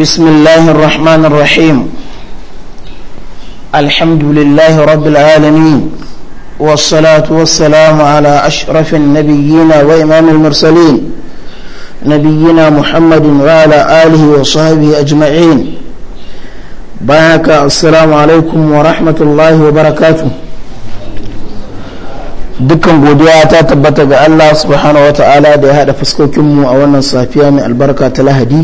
بسم الله الرحمن الرحيم الحمد لله رب العالمين والصلاة والسلام على أشرف النبيين وإمام المرسلين نبينا محمد وعلى آله وصحبه أجمعين بارك السلام عليكم ورحمة الله وبركاته dukkan godiya ta tabbata ga Allah subhanahu wa ta'ala da ya haɗa fuskokinmu a wannan safiya mai albarka ta lahadi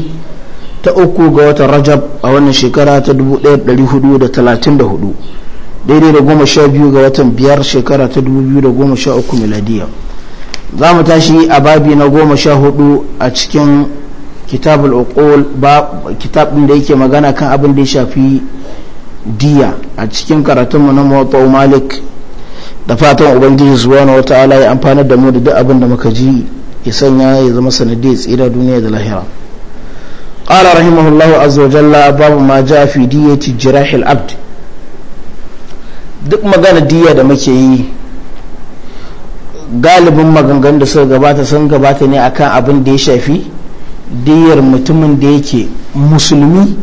ta uku ga watan rajab a wannan shekara ta 1434 daidai da goma sha biyu ga watan biyar shekara ta 2013 miladiya za mu tashi a babi na goma sha hudu a cikin kitabul uqul ba kitabin da yake magana kan abin da ya shafi diya a cikin karatunmu na muwatta malik da fatan ubangiji zuwa na wata ala ya amfana da mu da duk abin da muka ji ya sanya ya zama sanadiyar tsira duniya da lahira قال رحمه الله عز وجل باب ما جاء في دية جراح العبد duk magana diya da muke yi galibin maganganun da suka gabata sun gabata ne akan abin da ya shafi diyar mutumin da yake musulmi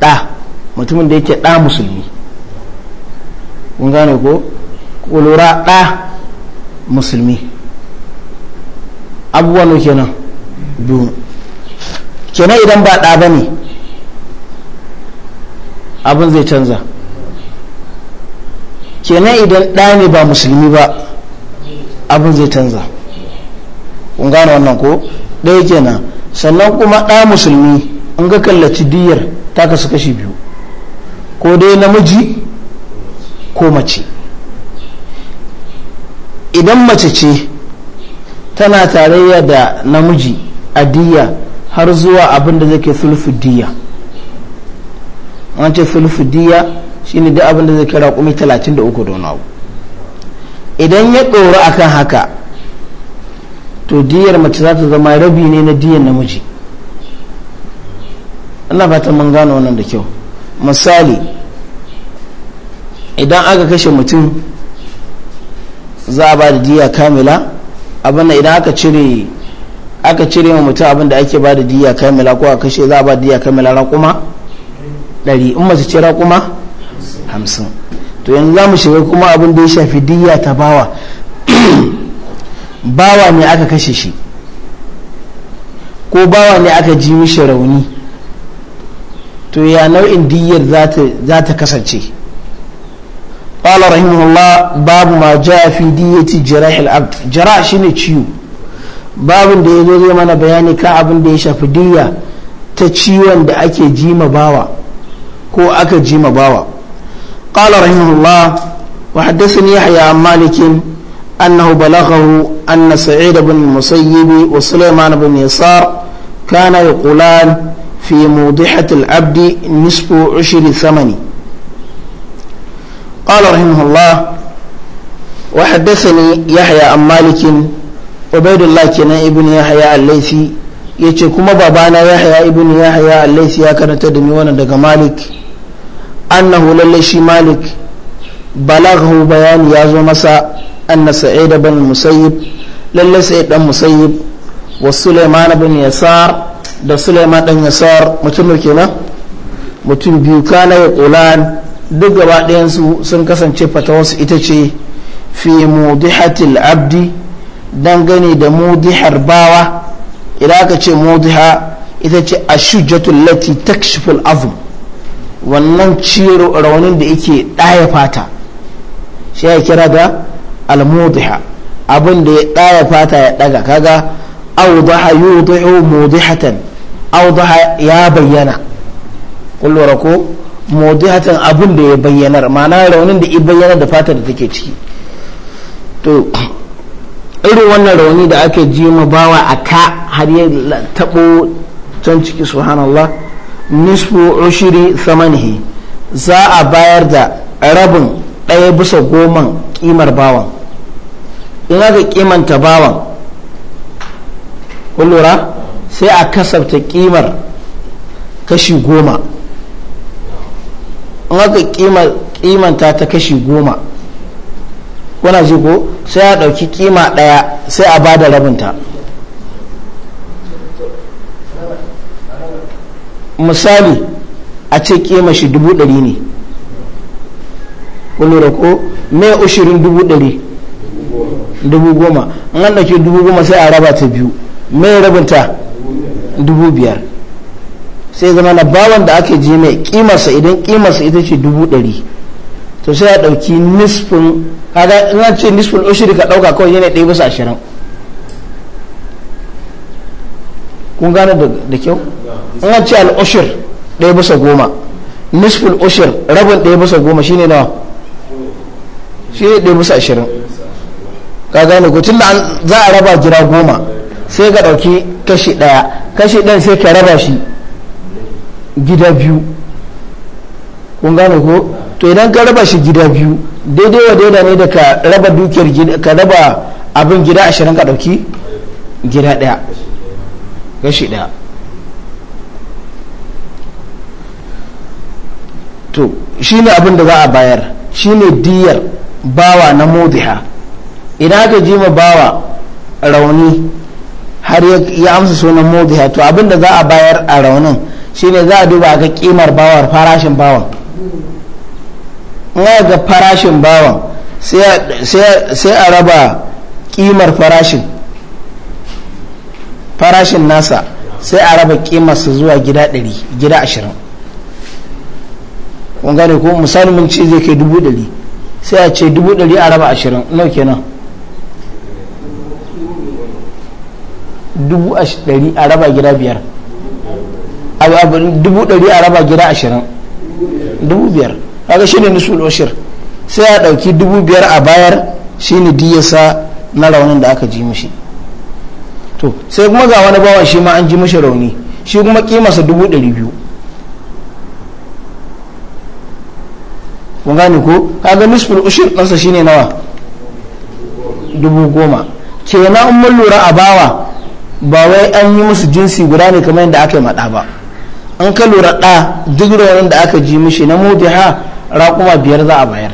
ɗa mutumin da yake ɗa musulmi kun gane ko kulura ɗa musulmi abubuwan kenan biyu kenan idan ba ɗa ba ne abin zai canza kenan idan ɗa ne ba musulmi ba abin zai canza kun gane wannan ko ɗaya kenan sannan kuma ɗa musulmi an ga kallaci diyar ta kasu kashi biyu ko dai namiji ko mace idan mace ce tana tarayya da namiji a diyar har zuwa abin da zai kai sulfudiyya wancan sulfudiyya shine duk abin da zai kai raƙumi talatin da abu idan ya ɗoru akan haka to diyar mace za ta zama rabi ne na diyar namiji ina fata mun gano wannan da kyau misali idan aka kashe mutum za a ba da diya kamila abin idan aka cire aka cire wa mutum abin da ake ba da diya mila ko a kashe za a ba diya na raƙuma ɗari in mace ce raƙuma hamsin to yanzu za mu shiga kuma abin da ya shafi diya ta bawa bawa ne aka kashe shi ko bawa ne aka ji mishi rauni to ya nau'in diyar za ta kasance قال رحمه الله باب ما جاء في دية جراح العبد جراح شنو ciwo babin da ya zo zai mana bayani kan abin da ya shafi diyya ta ciwon da ake jima bawa ko aka jima bawa قال رحمه الله وحدثني يحيى عن مالك أنه بلغه أن سعيد بن المسيب وسليمان بن يسار كان يقولان في موضحة العبد نصف عشر ثمن قال رحمه الله وحدثني يحيى عن مالك ubaidullah kenan ibn yahya al ya yace kuma babana yahya ibn yahya al-laifi ya karanta da ni wannan daga malik annahu lalle shi malik balaghu bayani ya zo masa anna sa'id ibn musayyib lalle sa'id dan musayyib wa sulaiman ibn yasar da sulaiman dan yasar mutum kenan mutum biyu kana ya qulan duk gaba ɗayan su sun kasance fatawarsu ita ce fi mudihatil abdi dangane da mudihar bawa idan aka ce mudiha ita ce ashujjatul lati takshiful azm wannan ciro raunin da yake ɗaya fata shi ya kira da al-mudiha abin da ya ɗaya fata ya ɗaga kaga awdaha yudihu mudihatan awdaha ya bayyana kullura ko mudihatan abin da ya bayyanar ma'ana raunin da ya bayyana da fata da take ciki to irin wannan rauni da ake ji ma bawa a ka har yi taɓo can ciki subhanallah nisfu ushiri samanihi za a bayar da rabin ɗaya bisa goman ƙimar bawan in aka ƙimanta bawan lura sai a kasafta ƙimar kashi goma in aka kimanta ta kashi goma kuna ji ko sai a ɗauki kima ɗaya sai a bada rabinta misali a ce kima shi dubu ɗari ne ku lura ko mai ushirin dubu ɗari dubu goma an an ɗauki dubu goma sai a raba ta biyu mai rabinta dubu biyar sai zama na bawan da ake je mai kimarsa idan kimarsa ita ce dubu ɗari to sai ya ɗauki nisfin kaga in ce nisfin ushiri ka ɗauka kawai yana ɗaya bisa ashirin kun gane da kyau in ce al'ushir ɗaya bisa goma nisfin ushir rabin ɗaya bisa goma shine nawa shi ne ɗaya bisa ashirin ka gane ko tun da za a raba jira goma sai ka ɗauki kashi ɗaya kashi ɗaya sai ka raba shi gida biyu kun gane ko to idan ka raba shi gida biyu daidai wa daida ne da ka raba dukiyar gida ka raba abin gida ashirin ka ɗauki gida ɗaya gashi ɗaya to shi ne abin da za a bayar shi ne diyar bawa na modiha idan aka ji ma bawa rauni har ya amsa sunan modiha to abin da za a bayar a raunin shi ne za a duba ga kimar bawar farashin bawar. in ga farashin bawan sai a raba kimar farashin farashin nasa sai a raba kimarsa zuwa gida 100 gida 20 kun gane ko misali mun ce zai kai dubu sai a ce dubu a raba ashirin nau kenan nan a raba gida biyar dubu ɗari a raba gida 20 biyar kaga shine nusul ushur sai a dauki dubu biyar a bayar shine diyasa na raunin da aka ji mishi to sai kuma ga wani bawan shi ma an ji mishi rauni shi kuma kimarsa dubu ɗari biyu kun gane ko kaga nisful ushir ɗansa shine nawa dubu goma kenan in mun lura a bawa ba wai an yi musu jinsi guda ne kamar yadda aka yi maɗa ba an ka lura ɗa duk raunin da aka ji mishi na mudiha raƙuma biyar za a bayar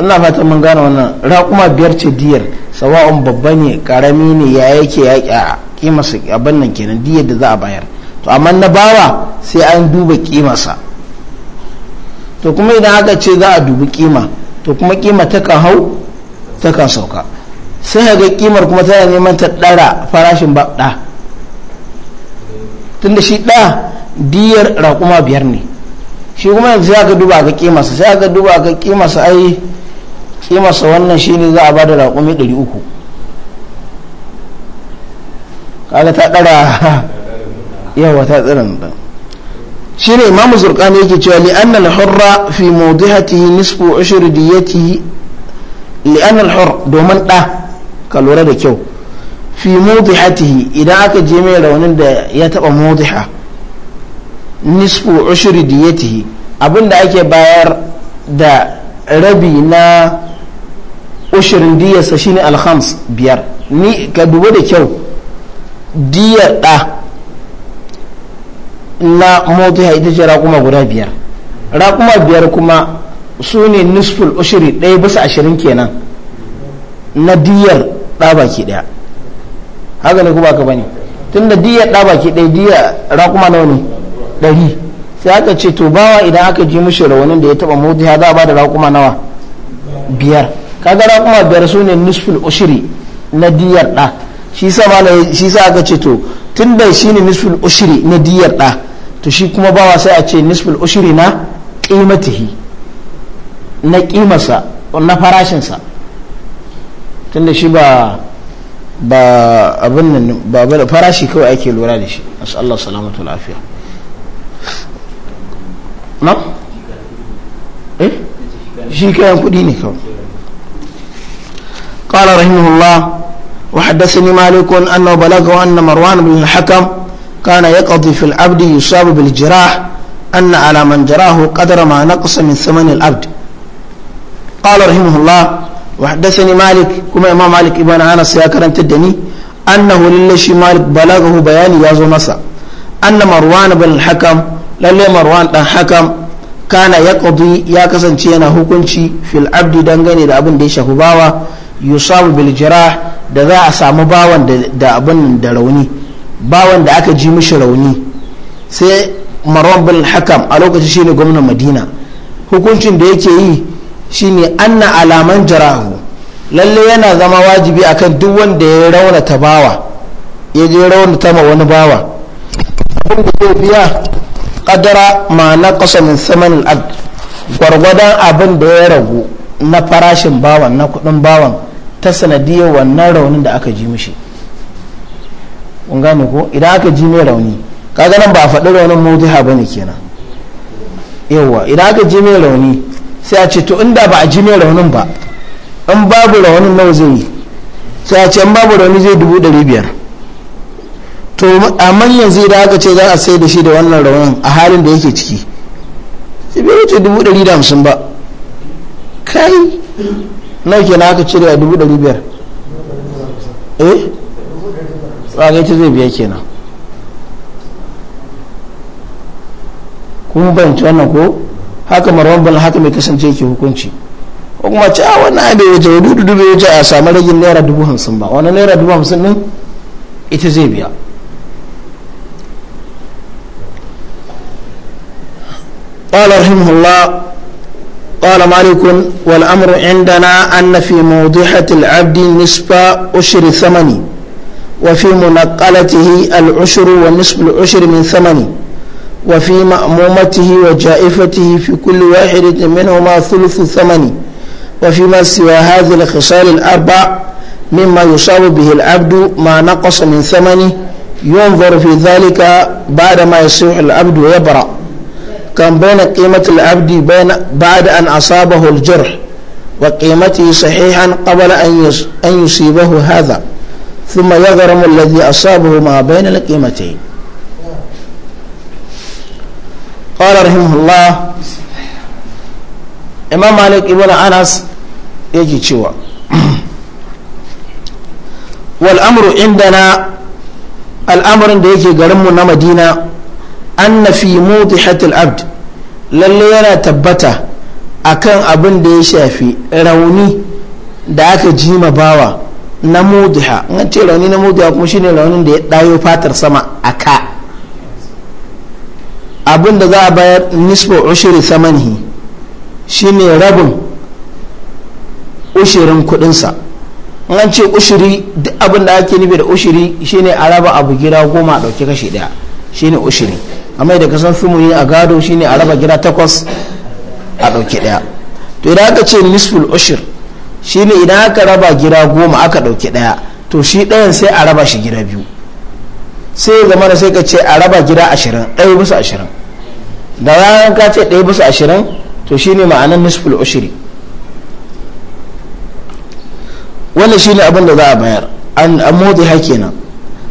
ina fata mun gane wannan rakuma biyar ce diyar sawa'un babba ne ƙarami ne ya yake yaƙi a kimasa abin nan kenan diyar da za a bayar to amma na bawa sai an duba kimasa to kuma idan aka ce za a dubi kima to kuma kima ta kan hau ta kan sauka sai ga kimar kuma tana neman ta ɗara farashin ba ɗa tunda shi ɗa diyar raƙuma biyar ne shi kuma yanzu sai aka duba ga kimasa sai aka duba ga kimasa ai kimasa wannan shine za a ba da raƙumi 300 kaga ta ɗara yawa ta tsirin ɗin shi ne imamu ne yake cewa li'an al-hurra fi mawdihatihi nisfu ushur diyatihi li'an al-hur domin ɗa ka lura da kyau fi mawdihatihi idan aka je mai raunin da ya taɓa mawdiha nisfu ushuri diyatihi abinda ake bayar da rabi na ushirin diyarsa shine alhams biyar ni ka duba da kyau diyar da na motiha ita ce raƙuma guda biyar raƙuma biyar kuma su ne nisful ushiri ɗaya bisa ashirin kenan na diyar ɗa baki ɗaya haka ne kuma ka bane tun da diyar ɗa baki ɗaya diyar raƙuma nawa ne ɗari sai aka ce to bawa idan aka ji mushi raunin da ya taba modiha za a ba da raƙuma nawa biyar kaga raƙuma biyar su ne nisful ushiri na diyar ɗa shi sa shi sa aka ce to tun da shi ne nisful ushiri na diyar ɗa to shi kuma bawa sai a ce nisful ushiri na ƙimatihi na ƙimarsa na farashinsa tun da shi ba ba abin nan ba farashi kawai ake lura da shi asallahu salamatu lafiya na? eh? shi kayan قال رحمه الله وحدثني مالك أنه بلغه أن مروان بن الحكم كان يقضي في العبد يصاب بالجراح أن على من جراه قدر ما نقص من ثمن العبد قال رحمه الله وحدثني مالك كما إمام مالك ابن أنس يا كرم تدني أنه للشي مالك بلغه بيان يازو مسا أن مروان بن الحكم lalle marwan dan hakam kana ya ya kasance yana hukunci fil abdi dangane da abin da ya shafi bawa yusabu bil jirah da za a samu bawan da abin da rauni bawan da aka ji mishi rauni sai marwan bin hakam a lokacin shine gwamnan madina hukuncin da yake yi shine anna alaman jarahu lalle yana zama wajibi akan duk wanda ya raunata bawa ya je raunata ma wani bawa abin da biya kadara ma kasa min saman al'ad gwargwadon abin da ya ragu na farashin bawan na kudin bawan ta sanadiyar wannan raunin da aka ji mishi kun gane ko idan aka ji mai rauni kaga nan ba a faɗi raunin mawduha bane kenan yawwa idan aka ji mai rauni sai a ce to inda ba a ji mai raunin ba in babu raunin nawa zai yi sai a ce in babu rauni zai dubu ɗari biyar to amma yanzu idan aka ce za a sai da shi da wannan raunin a halin da yake ciki sai bai wuce dubu ɗari da hamsin ba kai na ke na aka cire a dubu ɗari biyar eh tsagai ta zai biya kenan kuma bayanci wannan ko haka marwan bala haka mai kasance ke hukunci ko kuma ci a ah, wani abin waje wadudu dudu dubu waje a samu ragin naira dubu hamsin ba wani naira dubu hamsin ne ita zai biya قال رحمه الله قال مالك والأمر عندنا أن في موضحة العبد نصف عشر ثمنه وفي منقلته العشر ونصف العشر من ثمنه وفي مأمومته وجائفته في كل واحد منهما ثلث ثمني وفيما سوى هذه الخصال الأربع مما يصاب به العبد ما نقص من ثمنه ينظر في ذلك بعدما يصيح العبد ويبرأ كان بين قيمة العبد بين بعد أن أصابه الجرح وقيمته صحيحا قبل أن يصيبه هذا ثم يغرم الذي أصابه ما بين القيمتين قال رحمه الله إمام مالك ابن أنس يجي شوى والأمر عندنا الأمر ده يجي قرمنا مدينة anna fi mudihatil abd lalle yana tabbata akan abin da ya shafi rauni da aka ji ma bawa na mudiha an ce rauni na mudiha kuma shine raunin da ya dayo fatar sama a ka abin da za a bayar nisbo ushiri samanihi shine rabin ushirin kudinsa an ce ushiri duk abin da ake nufi da ushiri shine a raba abu gida goma a ɗauki kashi ɗaya shine ushiri amma da kasan yi a gado shine a raba gida takwas a ɗauki ɗaya to idan aka ce nisful ushir shine idan aka raba gida goma aka ɗauki ɗaya to shi ɗayan sai a raba shi gida biyu sai zama da sai ka ce a raba gida ashirin ɗaya bisa ashirin da ranar ka ce ɗaya bisa ashirin to shine ma'anar nisful ushiri wannan shine abin da za a bayar an motsi hakenan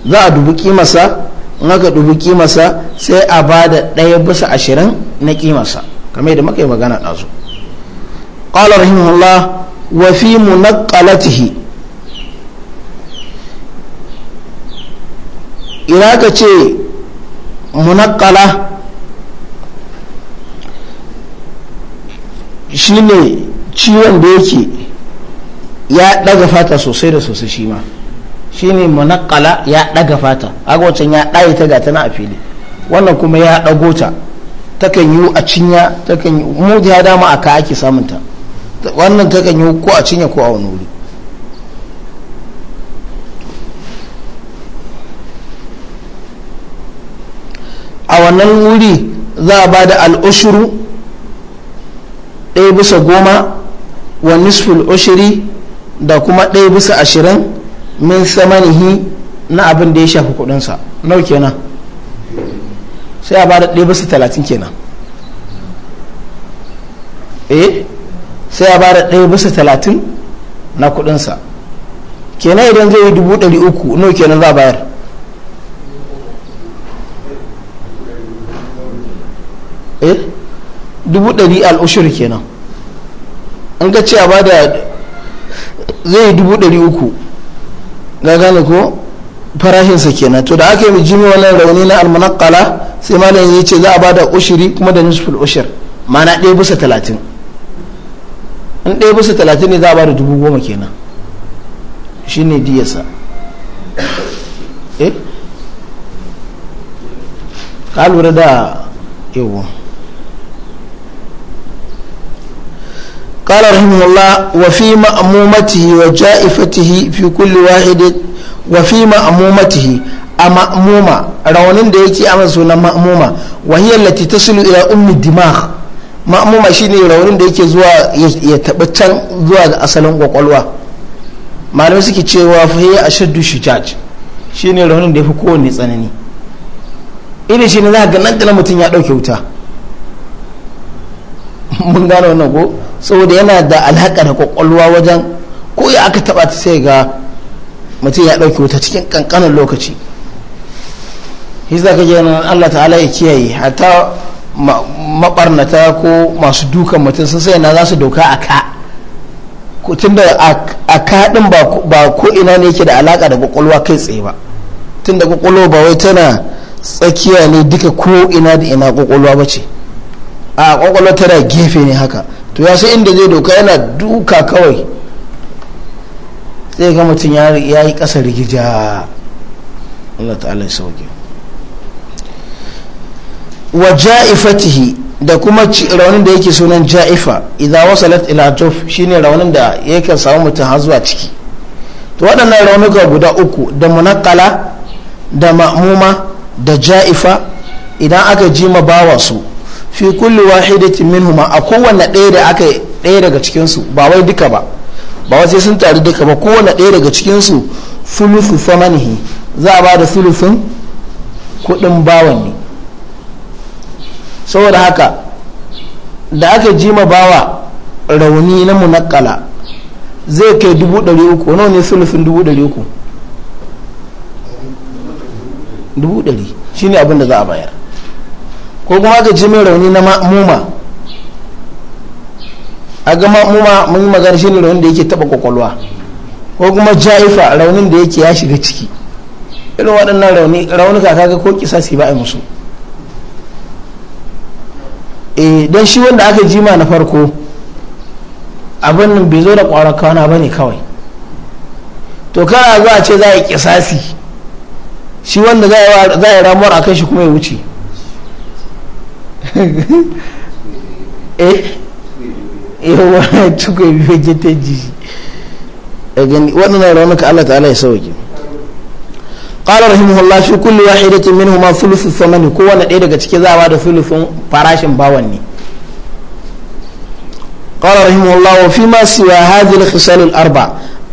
za a dubi kimarsa in aka dubi kimarsa sai a ba da ɗaya bisa ashirin na kimarsa kamar yadda muka yi magana ɗazu ƙwalar rahimahullah wa fi mu ƙalatihi ina ka ce mu shi ne ciwon da yake ya ɗaga fata sosai da sosai shi ma shine munakala ya daga fata agocin ya ɗaye ta ga tana a fili wannan kuma ya dago ta takan yi a cinya takan yi mu da dama a ka ake samun ta wannan takan yi ko a cinya ko a wani wuri a wannan wuri za a ba da al'ushuru ɗaya bisa goma wa nisful ushiri da kuma ɗaya bisa ashirin min samanihi na abin da ya shafi kudinsa nau kenan sai a ba da ɗaya bisa talatin kenan eh sai a ba da ɗaya bisa talatin na kudinsa kenan idan zai yi dubu ɗari uku nau kenan za a bayar eh dubu ɗari al'ushir kenan an ga ce a ba da zai yi dubu ɗari uku ga gane ko farashinsa kenan to da aka yi jimi wannan rauni na almanakala sai malam ya ce za a bada ushiri kuma da nisful ushir mana ɗaya bisa talatin in ɗaya bisa talatin ne za a bada dubu goma kenan shi ne diyasa eh ka lura da yawa قال رحمه الله وفي مأمومته وجائفته في كل واحد وفي مأمومته أمأمومة رونين da yake a sunan ma'muma wa hiya allati tasilu ila ummi dimagh ma'muma shine raunin da yake zuwa ya taba can zuwa ga asalin kwakwalwa malamai suke cewa fa hiya ashaddu shujaj shine raunin da yafi kowanne tsanani irin shine za ga nan mutum ya ɗauki wuta mun gano wannan ko saboda yana da alhaka da kwakwalwa wajen ko ya aka taba ta sai ga mutum ya ɗauki wata cikin kankanin lokaci hisa ka nan allah ta'ala ya kiyaye hatta mabarnata ko masu dukan mutum sun sai na za su doka a ka tunda a ka din ba ko ina ne yake da alaka da kwakwalwa kai tsaye ba tunda kwakwalwa ba wai tana tsakiya ne duka ko ina da ina kwakwalwa ba ce a kwakwalwa tana gefe ne haka to ya sai inda zai doka yana duka kawai sai ga mutum ya yi ƙasa rigija Allah ta'ala ya sauke wa ja'ifatihi da kuma raunin da yake sunan ja'ifa idan wasalat ila juf shine raunin da yake samu mutum har zuwa ciki to waɗannan raunuka guda uku da munakala da ma'muma da ja'ifa idan aka ji bawa su fi kulli wahidatin minhuma a kowanne ɗaya da aka ɗaya daga cikin su ba wai duka ba ba wai sai sun taru duka ba kowanne ɗaya daga cikin su sulusu famanihi za a ba da thuluthun kuɗin bawan ne saboda haka da aka jima bawa rauni na munakala zai kai dubu ɗari uku nawa ne sulusun dubu ɗari uku dubu ɗari shine abin da za a bayar ko kuma aka ji mai rauni na ma'amuma a ga ma'amuma mun yi magana shi ne raunin da yake taba kwakwalwa ko kuma ja'ifa raunin da yake ya shiga ciki irin waɗannan rauni raunuka kaga ko kisasi ba a musu e don shi wanda aka jima na farko abin nan bai zo da ƙwarar kawana ba ne kawai to kana zuwa ce za a yi kisasi shi wanda za a yi ramuwar a kai shi kuma ya wuce eh yawa tukwai biyu ke ta ji waɗannan raunuka Allah ta'ala ya sauke قال رحمه الله في كل واحدة منهما ثلث الثمن كو وانا ديه daga cike za ba da thuluthun farashin bawan ne قال رحمه الله وفي ما سوى هذه الخصال الاربع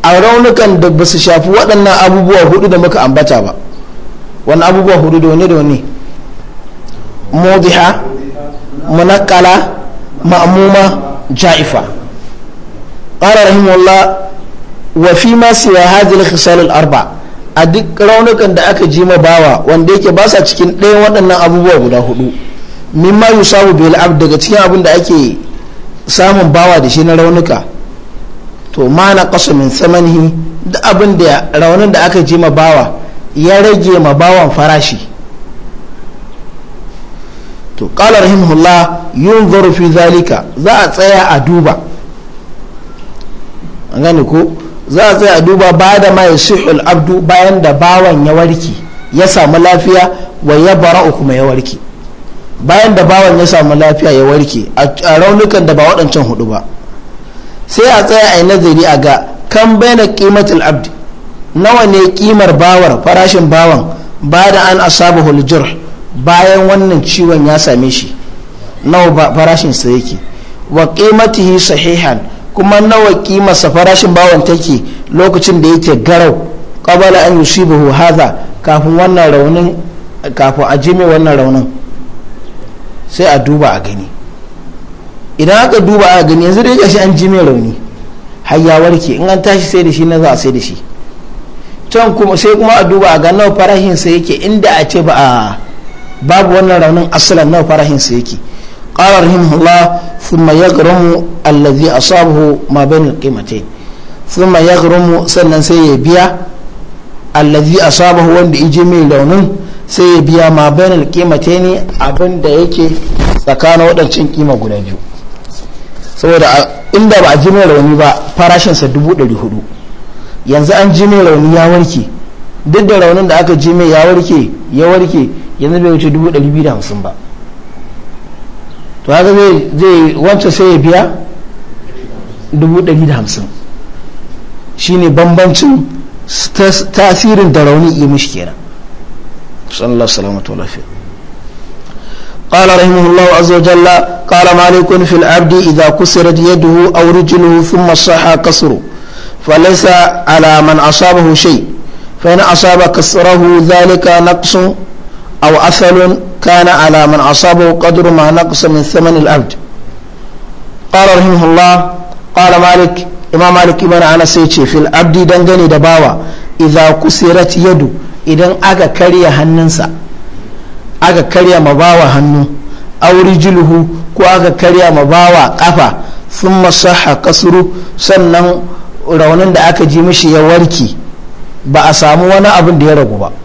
a raunukan da basu shafi waɗannan abubuwa hudu da muka ambata ba wani abubuwa hudu da wani da wani modiha munakala مأمومة جائفة قال رحمه الله وفيما سوى هذه الخصال الأربع a duk raunukan da aka ji ma bawa wanda yake ba sa cikin ɗayan waɗannan abubuwa guda hudu mimma yusabu bil abd daga cikin abun da ake samun bawa da shi na raunuka to ma na qasu min samanihi da da raunin da aka ji ma bawa ya rage ma bawan farashi to qala rahimahullah yin zarafi zalika za a tsaya a duba an gani ko za a tsaya a duba ba da ma yasihul abdu bayan da bawan ya warke ya samu lafiya wa ya bara kuma ya warke bayan da bawan ya samu lafiya ya warke a raunukan da ba waɗancan hudu ba sai a tsaya a yi nazari a ga kan bayyana kimatul abdi nawa ne kimar bawar farashin bawan ba da an asabu huljur bayan wannan ciwon ya same shi nawa farashin sa yake wa qimatihi sahihan kuma nawa kimarsa farashin bawan take lokacin da yake garau qabala an yusibahu hadha kafin wannan raunin kafin a jime wannan raunin sai a duba a gani idan aka duba a gani yanzu dai gashi an jime rauni hayya warke in an tashi sai da shi na za a sai da shi can kuma sai kuma a duba a ga nawa farashin sa yake inda a ce ba a babu wannan raunin asalan nawa farahin sa yake qala rahimahullah thumma yaghramu alladhi asabahu ma bayna alqimatayn thumma yaghramu sannan sai ya biya alladhi asabahu wanda yaje mai raunin sai ya biya ma bayna alqimatayn abin da yake tsakanin waɗancan kima guda biyu saboda inda ba a ji mai rauni ba farashinsa dubu ɗari yanzu an ji mai rauni ya warke duk da raunin da aka ji mai ya warke ya warke yanzu bai wuce dubu ɗari biyu da hamsin ba to haka zai zai wancan sai ya biya dubu ɗari da hamsin shine bambancin tasirin da rauni yi mishi kenan sallallahu alaihi salamatu lafiya قال رحمه الله عز وجل قال مالك في العبد إذا كسرت يده أو رجله ثم صح كسره فليس على من أصابه شيء فإن أصاب كسره ذلك نقص أو أثل كان على من أصابه قدر ما نقص من ثمن العبد قال رحمه الله قال مالك إمام مالك إمام أنا سيتي في العبد دنجني دباوة إذا كسرت يده إذن أغا كريا هننسا أغا كريا مباوة هنو أو رجله كو أغا كريا مباوة قفا ثم sun masaha سنن sannan raunin da aka ji mishi ya warki ba a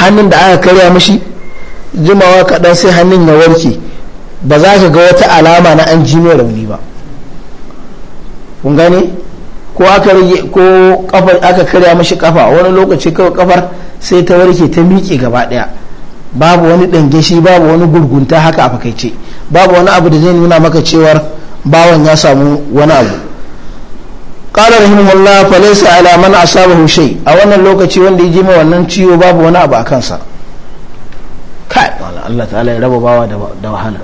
hannun da aka karya mashi jimawa kaɗan sai hannun ya warke ba za ka ga wata alama na an ji rauni ba kun gane ko aka rage ko kafar aka karya mashi kafa wani lokaci kawai kafar sai ta warke ta miƙe gaba ɗaya babu wani ɗange shi babu wani gurgunta haka a fakaice babu wani abu da zai nuna maka cewar bawan ya samu wani abu kala rahimahullah fa laysa ala man asabahu shay a wannan lokaci wanda ya jima wannan ciwo babu wani abu a kansa kai Allah ta'ala ya raba bawa da wahala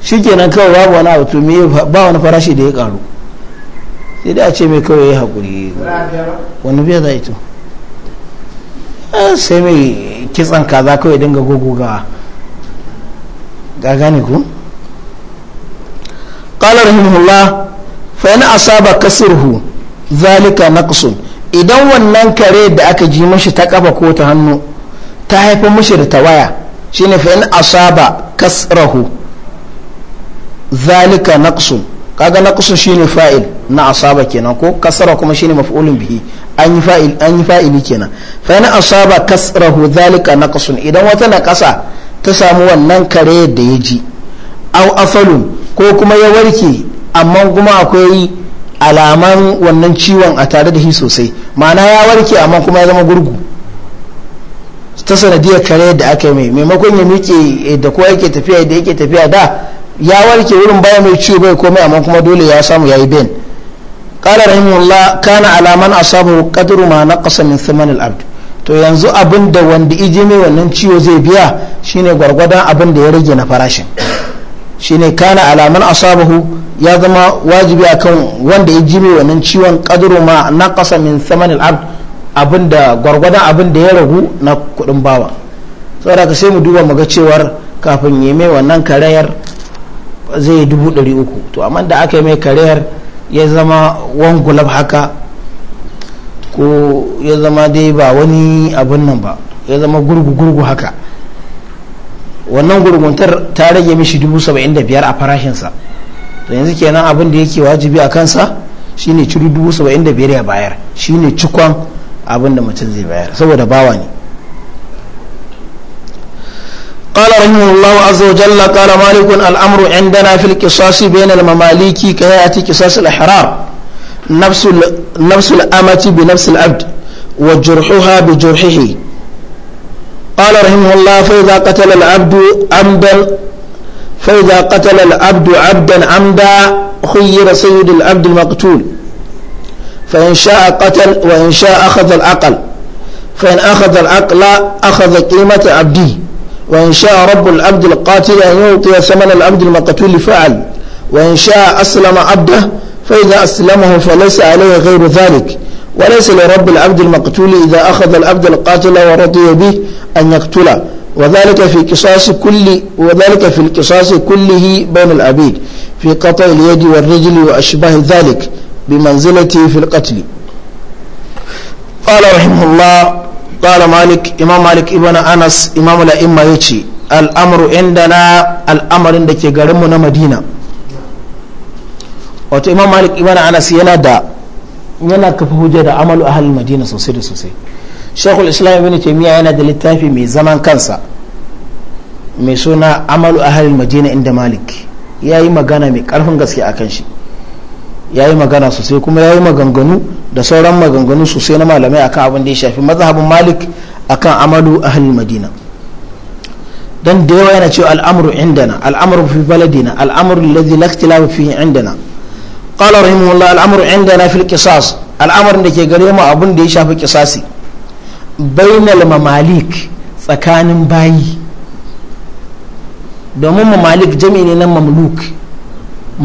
shikenan kawai babu wani abu to me ba wani farashi da ya karu sai dai a ce mai kawai ya hakuri wani biya zai to sai mai kitsan kaza kawai dinga gogoga? ga gane ku qala rahimahullah fa yana asaba kasirhu zalika naqsun idan wannan kare da aka ji mashi ta kafa ko ta hannu ta haifa mashi da tawaya shine fa yana asaba kasrahu zalika naqsun kaga naqsun shine fa'il na asaba kenan ko kasra kuma shine maf'ulun bihi an yi fa'il an yi fa'ili kenan fa yana asaba kasrahu zalika naqsun idan wata naqasa ta samu wannan kare da ya ji aw asalun ko kuma ya warke amma kuma akwai alaman wannan ciwon a tare da shi sosai ma'ana ya warke amma kuma ya zama gurgu ta sanadiyar kare da aka mai maimakon ya miƙe eh, da kowa yake tafiya da yake tafiya da ya warke wurin baya mai ciwo bai komai amma kuma dole ya samu yayi ben qala rahimullah kana alaman asabu qadru ma naqasa min thaman al-abd to yanzu abinda da wanda ije mai wannan ciwo zai biya shine gwargwadon abin da ya rage na farashin shine kana alaman asabahu ya zama wajibi akan wanda ya jime wannan ciwon kaduru ma na kasa min saman abin abinda gwargwadon abin da ya ragu na kudin bawa saboda ka sai mu duba mu ga cewar kafin ya mai wannan karayar zai dubu ɗari uku to amma da aka yi mai karayar ya zama wan haka ko ya zama dai ba wani abin nan ba ya zama gurgu gurgu haka wannan gurguntar ta rage mishi dubu saba'in da biyar a farashinsa to yanzu kenan abin da yake wajibi a kansa shine ciri dubu saba'in da biyar ya bayar shine cikon abin da mutum zai bayar saboda bawa ne قال رحمه الله عز وجل قال مالك الأمر عندنا في القصاص بين المماليك كهيئة قصاص الإحرار نفس نفس الأمة بنفس العبد وجرحها بجرحه قال رحمه الله فإذا قتل العبد عمدا فإذا قتل العبد عبدا عمدا خير سيد العبد المقتول فإن شاء قتل وإن شاء أخذ العقل فإن أخذ العقل أخذ قيمة عبده وإن شاء رب العبد القاتل أن يعطي ثمن العبد المقتول فعل وإن شاء أسلم عبده فإذا أسلمه فليس عليه غير ذلك وليس لرب العبد المقتول إذا أخذ العبد القاتل ورضي به أن يقتله وذلك في قصاص كل وذلك في القصاص كله بين العبيد في قطع اليد والرجل وأشباه ذلك بمنزلته في القتل قال رحمه الله قال مالك إمام مالك ابن أنس إمام الأئمة يجي الأمر عندنا الأمر عندك يقرمنا مدينة وإمام مالك ابن أنس ينادى yana kafa hujja da amalu halin madina sosai da sosai shekul islam ibn taymiya yana da littafi mai zaman kansa mai suna amalu halin madina inda malik ya yi magana mai karfin gaske a kan shi ya yi magana sosai kuma ya yi maganganu da sauran maganganu sosai na malamai akan abin da ya shafi mazhabin malik akan amalu halin madina dan da yawa yana cewa al'amuru indana al'amuru fi baladina al'amuru alladhi la fi indana qala rahimahullah al'amru indana fil qisas al'amarin da ke gare mu abun da ya shafi qisasi bainal mamalik tsakanin bayi domin mamalik jami ne na mamluk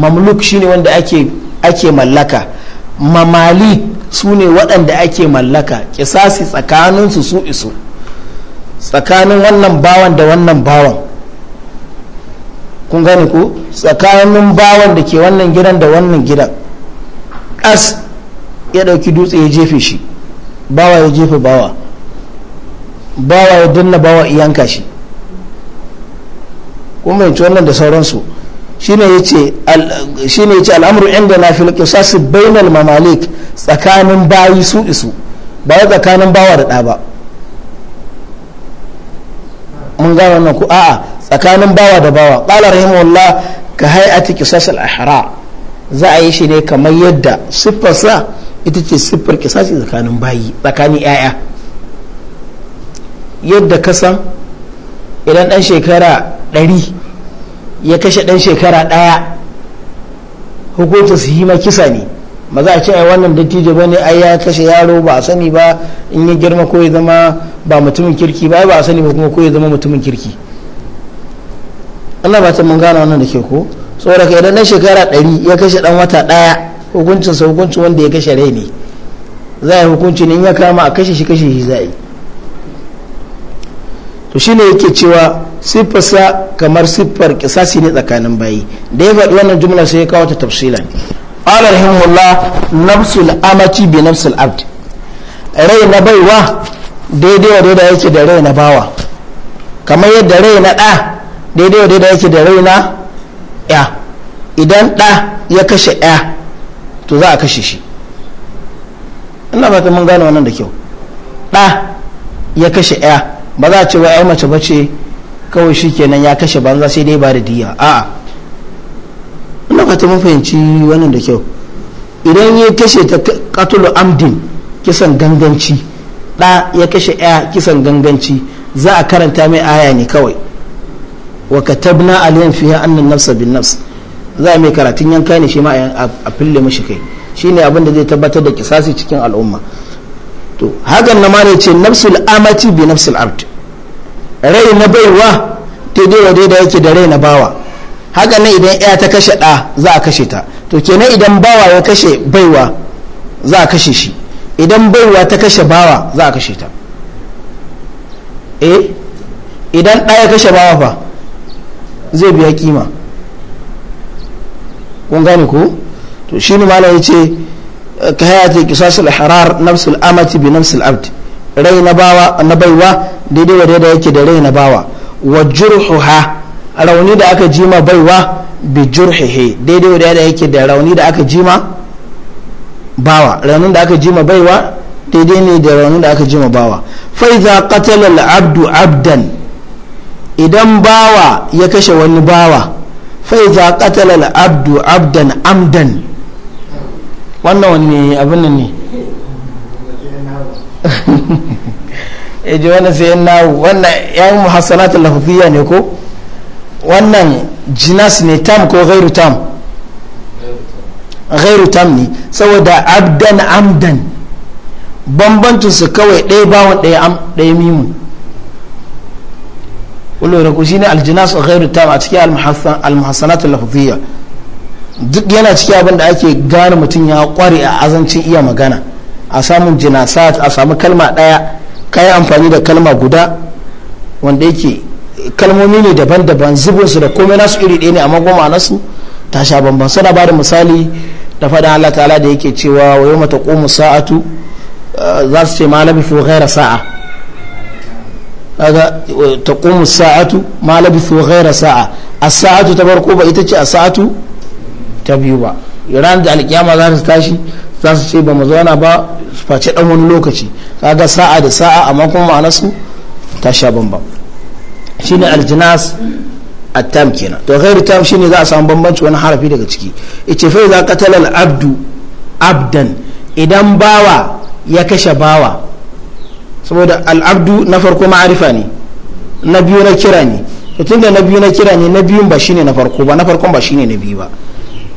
mamluk shine wanda ake mallaka mamalik su ne waɗanda ake mallaka kisasi tsakaninsu su isu tsakanin wannan bawan da wannan bawan kun gane ku tsakanin bawan da ke wannan gidan da wannan gidan as ya ɗauki dutse ya jefe shi bawa ya jefe bawa bawa ya danna bawa iyanka shi kuma yanci wannan da sauransu shine yace shine yace al'amru indana fil qisas bainal mamalik tsakanin bayi su isu ba wai tsakanin bawa da ɗa ba mun gane wannan ku a'a tsakanin bawa da bawa qala rahimahullah ka hay'ati qisas al-ahra za a yi shi ne kamar yadda siffarsa ita ce siffar kisasi tsakanin bayi tsakanin yaya yadda ka idan dan shekara ɗari ya kashe ɗan shekara ɗaya hukunta su yi kisa ne ba za a ce ai wannan dattijo bane ai ya kashe yaro ba a sani ba in ya girma ko ya zama ba mutumin kirki ba ba a sani ba kuma ko ya zama mutumin kirki Allah ba ta mun gane wannan da ke ko saboda ka idan na shekara ɗari ya kashe ɗan wata ɗaya hukuncin sa hukuncin wanda ya kashe rai ne za a yi hukunci ne in ya kama a kashe shi kashe shi za a yi to shi ne yake cewa siffarsa kamar siffar kisasi ne tsakanin bayi da ya faɗi wannan jumla sai ya kawo ta tafsilan qala rahimullah nafsul amati bi nafsul abd rai na baiwa daidai wa daidai yake da rai na bawa kamar yadda rai na ɗa daidai wa daidai yake da raina ya idan ɗa ya kashe ya to za a kashe shi ina ba ta mun gane wannan da kyau ɗa ya kashe ya ba za a ce wai ai mace ce kawai shi kenan ya kashe banza sai dai ba da diya a'a ina ba ta mun fahimci wannan da kyau idan ya kashe ta katulu amdin kisan ganganci ɗa ya kashe ya kisan ganganci za a karanta mai aya ne kawai wa katabna alayhim fiha anna an-nafsa bin-nafs za mai karatun yanka ne shi ma a fille mishi kai shine abin da zai tabbatar da kisasi cikin al'umma to hakan na mare ce nafsul amati bi nafsul abd rai na baiwa dai wadai da yake da rai na bawa hakan nan idan ya ta kashe da za a kashe ta to kenan idan bawa ya kashe baiwa za a kashe shi idan baiwa ta kashe bawa za a kashe ta eh idan ɗaya ya kashe bawa fa zai biya kima kun gane ko to shi ne malam ya ce ka haya ta kisasul harar nafsul amati bi nafsul abd rai na bawa na baiwa daidai wa daidai yake da rai na bawa wa jurhuha rauni da aka jima baiwa bi jurhihi daidai wa daidai yake da rauni da aka jima bawa raunin da aka jima baiwa daidai ne da raunin da aka jima bawa fa iza qatala al abdu abdan idan bawa ya kashe wani bawa a qatala abdu abdan amdan wannan wani abin nan ne e ji wannan sai nawo wannan yan muhassanat lafafiya ne ko wannan jinas ne tam ko gairu tam gairu tam ne saboda abdan amdan bambancinsu su kawai ɗaya bawon ɗaya mimu kullu ku shine aljinas ghairu tam a cikin almuhassan almuhassanat lafziyya duk yana cikin abin da ake gane mutum ya kware a azancin iya magana a samun jinasat a samu kalma daya kai amfani da kalma guda wanda yake kalmomi ne daban-daban su da komai nasu iri ɗaya ne amma goma nasu ta sha bamban suna ba da misali da faɗin Allah ta'ala da yake cewa wa yau mata ƙomu sa'atu eh, za su ce ma labi fi ghaira sa'a kaga taqumu sa'atu ma labithu ghayra sa'a a saatu ta farko ba ita ce a saatu ta biyu ba ran da alkiyama za ta tashi za su ce ba mu zauna ba face dan wani lokaci kaga sa'a da sa'a amma kuma ma'anarsu ta sha bambam shine aljinas attam kenan to ghairu tam shine za a samu bambanci wani harafi daga ciki ice fa za qatala al-abdu abdan idan bawa ya kashe bawa saboda al'abdu na farko ma'arifa ne na biyu na kira ne to tunda na biyu na kira ne na biyun ba shine na farko ba na farkon ba shine na biyu ba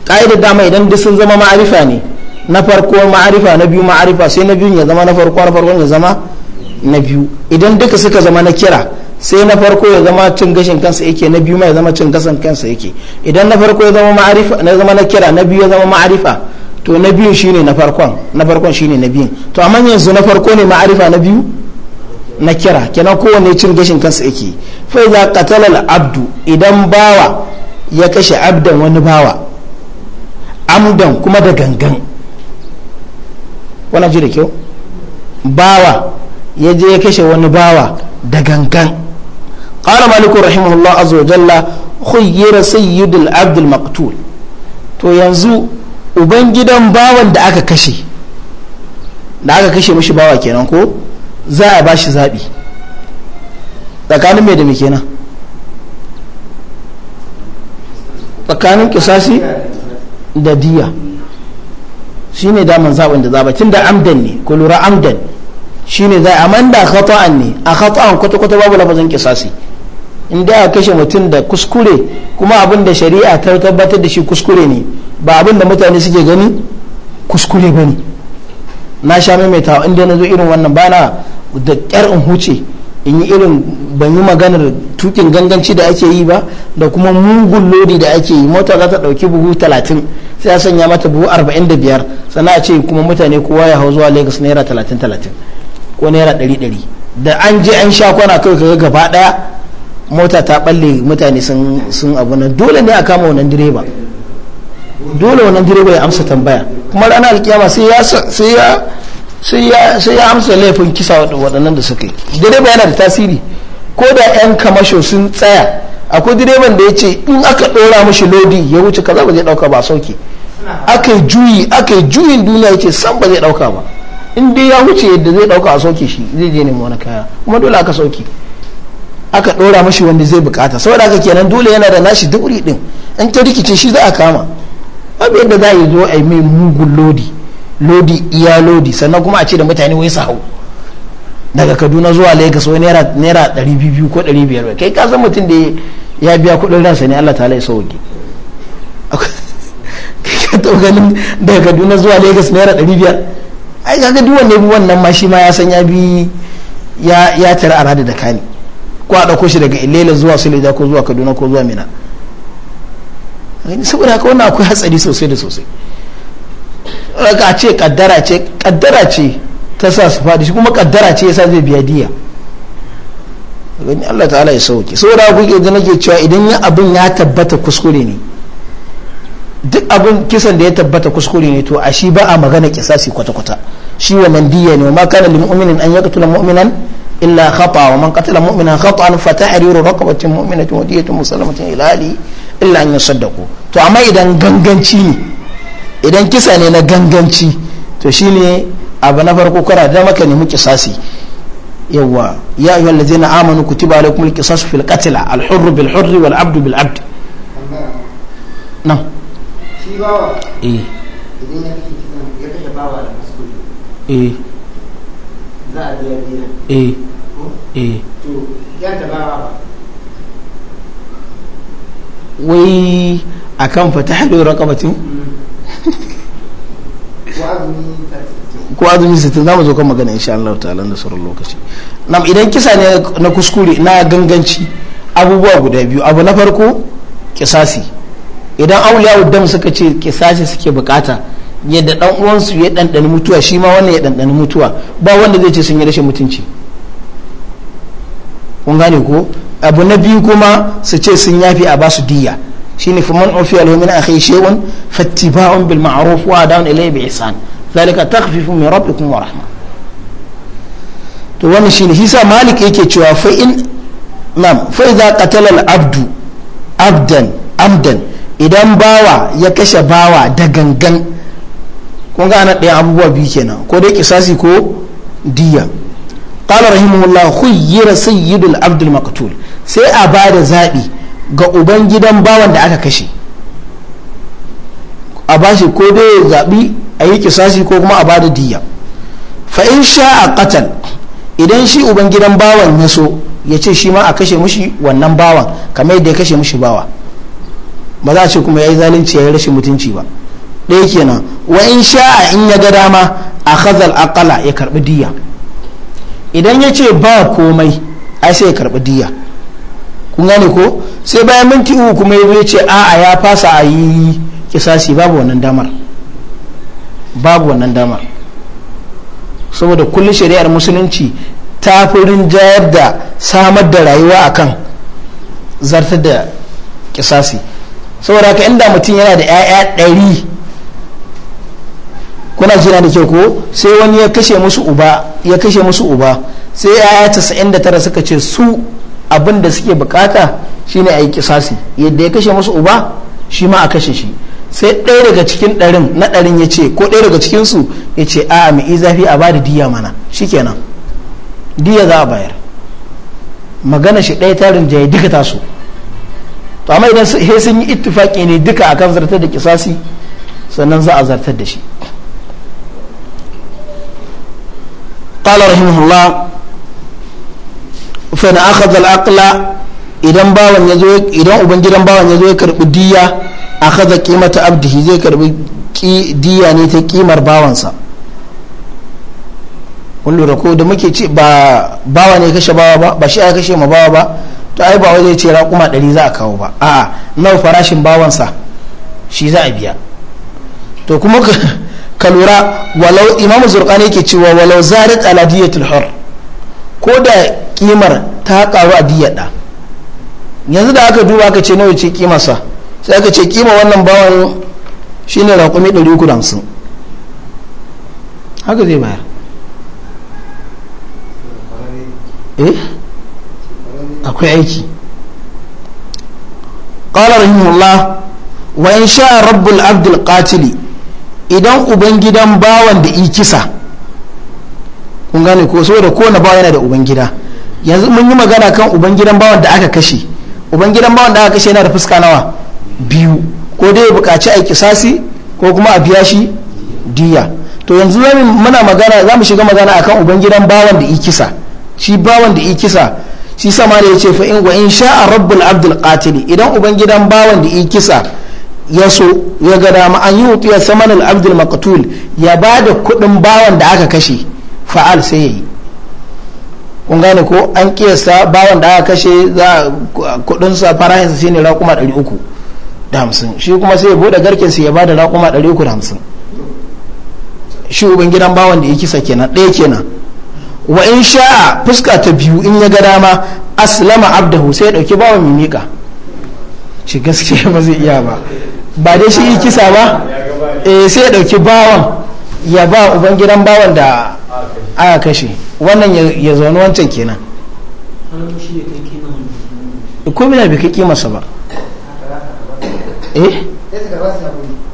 ka'idar dama idan duk sun zama ma'arifa ne na farko ma'arifa na biyu ma'arifa sai na biyun ya zama na farko na farkon ya zama na biyu idan duka suka zama na kira sai na farko ya zama cin gashin kansa yake na biyu ma ya zama cin gasan kansa yake idan na farko ya zama ma'arifa na zama na kira na biyu ya zama ma'arifa to na biyun shine na farkon na farkon shine na biyun to amma yanzu na farko ne ma'arifa na biyu na kira kenan kowanne cin gashin kansa yake fa idza qatala abdu idan bawa ya kashe abdan wani bawa amdan kuma da gangan wannan ji da kyau bawa ya je ya kashe wani bawa da gangan qala maliku rahimahullah azza wa jalla khayyara sayyidul abdul maqtul to yanzu ubangidan bawan da aka kashe da aka kashe mashi bawa kenan ko za a ba shi zaɓi tsakanin mai da mai kenan tsakanin kisasi da diya shi ne daman zaɓin da zaɓa tun da amdan ne ku lura amdan shi ne za a da khata'an ne a khata'an kwata-kwata babu lafazin kisasi inda aka kashe mutum da kuskure kuma abin da shari'a ta tabbatar da shi kuskure ne ba abin da mutane suke gani kuskure ba ne na sha maimaitawa inda na zo irin wannan bana da kyar in huce in yi irin ban yi maganar tukin ganganci da ake yi ba da kuma mugun lodi da ake yi mota za ta ɗauki buhu talatin sai a sanya mata buhu arba'in da biyar sana a ce kuma mutane kowa ya hau zuwa lagos naira talatin talatin ko naira ɗari ɗari da an je an sha kwana kai kaga gaba ɗaya mota ta ɓalle mutane sun abu nan dole ne a kama wannan direba dole wannan direba ya amsa tambaya kuma ranar alkiyama sai ya sai ya amsa laifin kisa waɗannan da suka yi direba yana da tasiri ko da 'yan kamasho sun tsaya akwai direban da ya ce in aka ɗora mashi lodi ya wuce kaza ba zai ɗauka ba sauke aka yi juyi aka yi juyin duniya ya ce san ba zai ɗauka ba in dai ya wuce yadda zai ɗauka a sauke shi zai je nemi wani kaya kuma dole aka sauke aka ɗora mashi wanda zai bukata saboda haka kenan dole yana da nashi dauri ɗin in ta rikice shi za a kama babu yadda za a yi zo a yi mai mugun lodi lodi iya lodi sannan kuma a ce da mutane wai su hau daga kaduna zuwa lagos wai naira ɗari biyu ko ɗari biyar kai ka san mutum da ya biya kudin ransa ne allah ta ya sauke ka taɓa ganin daga kaduna zuwa lagos naira ɗari biyar ai kaga duk wanne bi wannan ma shi ma ya san ya bi ya tara arada da kani ko a ɗauko shi daga ilela zuwa suleja ko zuwa kaduna ko zuwa mina saboda haka wannan akwai hatsari sosai da sosai raka ce kaddara ce kaddara ce ta sa su faɗi shi kuma kaddara ce yasa zai biya diya gani Allah ta'ala ya sauke saboda kuke da nake cewa idan ya abin ya tabbata kuskure ne duk abin kisan da ya tabbata kuskure ne to a shi ba a magana kisasi kwata-kwata shi wa man diya ne ma kana lil mu'minin an yaqtula mu'minan illa khata wa man qatala mu'minan khata'an fa tahriru raqabatin mu'minatin wa diyatun musallamatin ila ali. illa an yusaddaku to amma idan ganganci ne idan kisa ne na ganganci to shine abu na farko kana da maka muke sasi yawa ya ayyuha allazina amanu kutiba alaykumul qisasu fil katila al bil hurr wal abdu bil abdu nan shi bawa eh idan ya kashe kisan ya kashe bawa da kuskure eh za a biya biya eh eh to ya bawa ba wai a kan fata halo rakamatin ko azumi sittin za mu zo kan magana insha Allah ta'ala da sauran lokaci nam idan kisa ne na kuskure na ganganci abubuwa guda biyu abu na farko kisasi idan auliya dam suka ce kisasi suke bukata yadda dan uwansu ya dandana mutuwa shi ma wannan ya dandana mutuwa ba wanda zai ce sun yi rashin mutunci kun gane ko abu na biyu kuma su ce sun yafi a basu diya shine fa man ufiya lahu min akhi shay'un fattiba'un bil ma'ruf wa ada'un ilayhi bi ihsan zalika takhfifun min rabbikum wa rahma to wannan shine hisa malik yake cewa fa in nam fa idza qatala abdu abdan amdan idan bawa ya kashe bawa da gangan kun ga ana ɗaya abubuwa biyu kenan ko dai kisasi ko diya qala rahimahullah khuyyira sayyidul abdul maqtul sai a bada ga uban gidan da aka a bashi ko dai zabi a ko kuma a bada diya fa in sha'a qatal idan shi ma a kashe mushi wannan bawan kamar yadda ya kashe mushi bawa ba za a ce kuma ya yi zalunci ya yi rashin mutunci ba ɗaya kenan wa in sha'a in ya ga dama a khazal akala ya karɓi diya idan ya ce ba komai ai sai ya karɓi diya kun gane ko sai bayan minti uku kuma ya ce a'a ya fasa a yi kisasi babu wannan damar babu wannan damar saboda kullum shari'ar musulunci ta fi rinjayar da samar da rayuwa akan zartar da kisasi saboda haka inda mutum yana da 'ya'ya ɗari kuna jira da kyau ko sai wani ya kashe musu uba ya kashe musu uba sai yaya tara suka ce su abin da suke bukata shine a yi kisasi yadda ya kashe musu uba shi ma a kashe shi sai ɗaya daga cikin ɗarin na ɗarin ya ce ko ɗaya daga cikinsu ya ce a mai zafi a ba da diya mana shikenan diya za a bayar magana shi ɗaya tarin jaye duka tasu to amma idan sai sun yi ittifaki ne duka akan zartar da kisasi sannan za a zartar da shi قال رحمه الله فإن أخذ العقل idan bawan ya zo idan ubangidan bawan ya zo ya karbi diya a kaza kimata abdihi zai karbi diya ne ta kimar bawansa kun lura ko da muke ce ba bawa ne kashe bawa ba ba shi a kashe ma bawa ba to ai ba zai ce raƙuma ɗari za a kawo ba a'a nawa farashin bawansa shi za a biya to kuma ka lura walau imam zurqani yake cewa walau zarat ala diyatul hur ko da kimar ta karu a diyar da yanzu da aka duba aka ce nawa ce kimarsa sai aka ce kima wannan bawan shine raƙumi 350 haka zai bayar eh akwai aiki qala rahimullah wa in sha rabbul abdul qatili idan ubangidan bawan da ikisa kisa kun gane ko saboda kowane bawa yana da ubangida yanzu mun yi magana kan ubangidan bawan da aka kashe ubangidan bawan da aka kashe yana da fuska nawa biyu ko dai ya a kisasi ko kuma a biya shi diya to yanzu muna magana za mu shiga magana akan ubangidan bawan da ikisa kisa shi bawan da ikisa kisa shi sama da ya ce fa in sha'a rabbul abdul qatili idan ubangidan bawan da ikisa kisa ya so ya ga dama an yi wutu ya saman abdul maqtul ya ba da kudin bawan da aka kashe fa'al sai ya yi kun gane ko an kiyasta bawan da aka kashe za a sa farahin sai ne raƙuma 350 shi kuma sai ya bude garken sa ya ba da raƙuma 350 shi uban gidan bawan da ya kisa kenan ɗaya kenan wa in sha'a fuska ta biyu in ya ga dama aslama abdahu sai ya ɗauki bawan mimika shi gaskiya ba zai iya ba ba dai shi kisa ba eh sai ya dauki bawan ya ba ubangidan bawan da aka kashe wannan ya zaune wancan kenan ko na bai kai kimarsa ba eh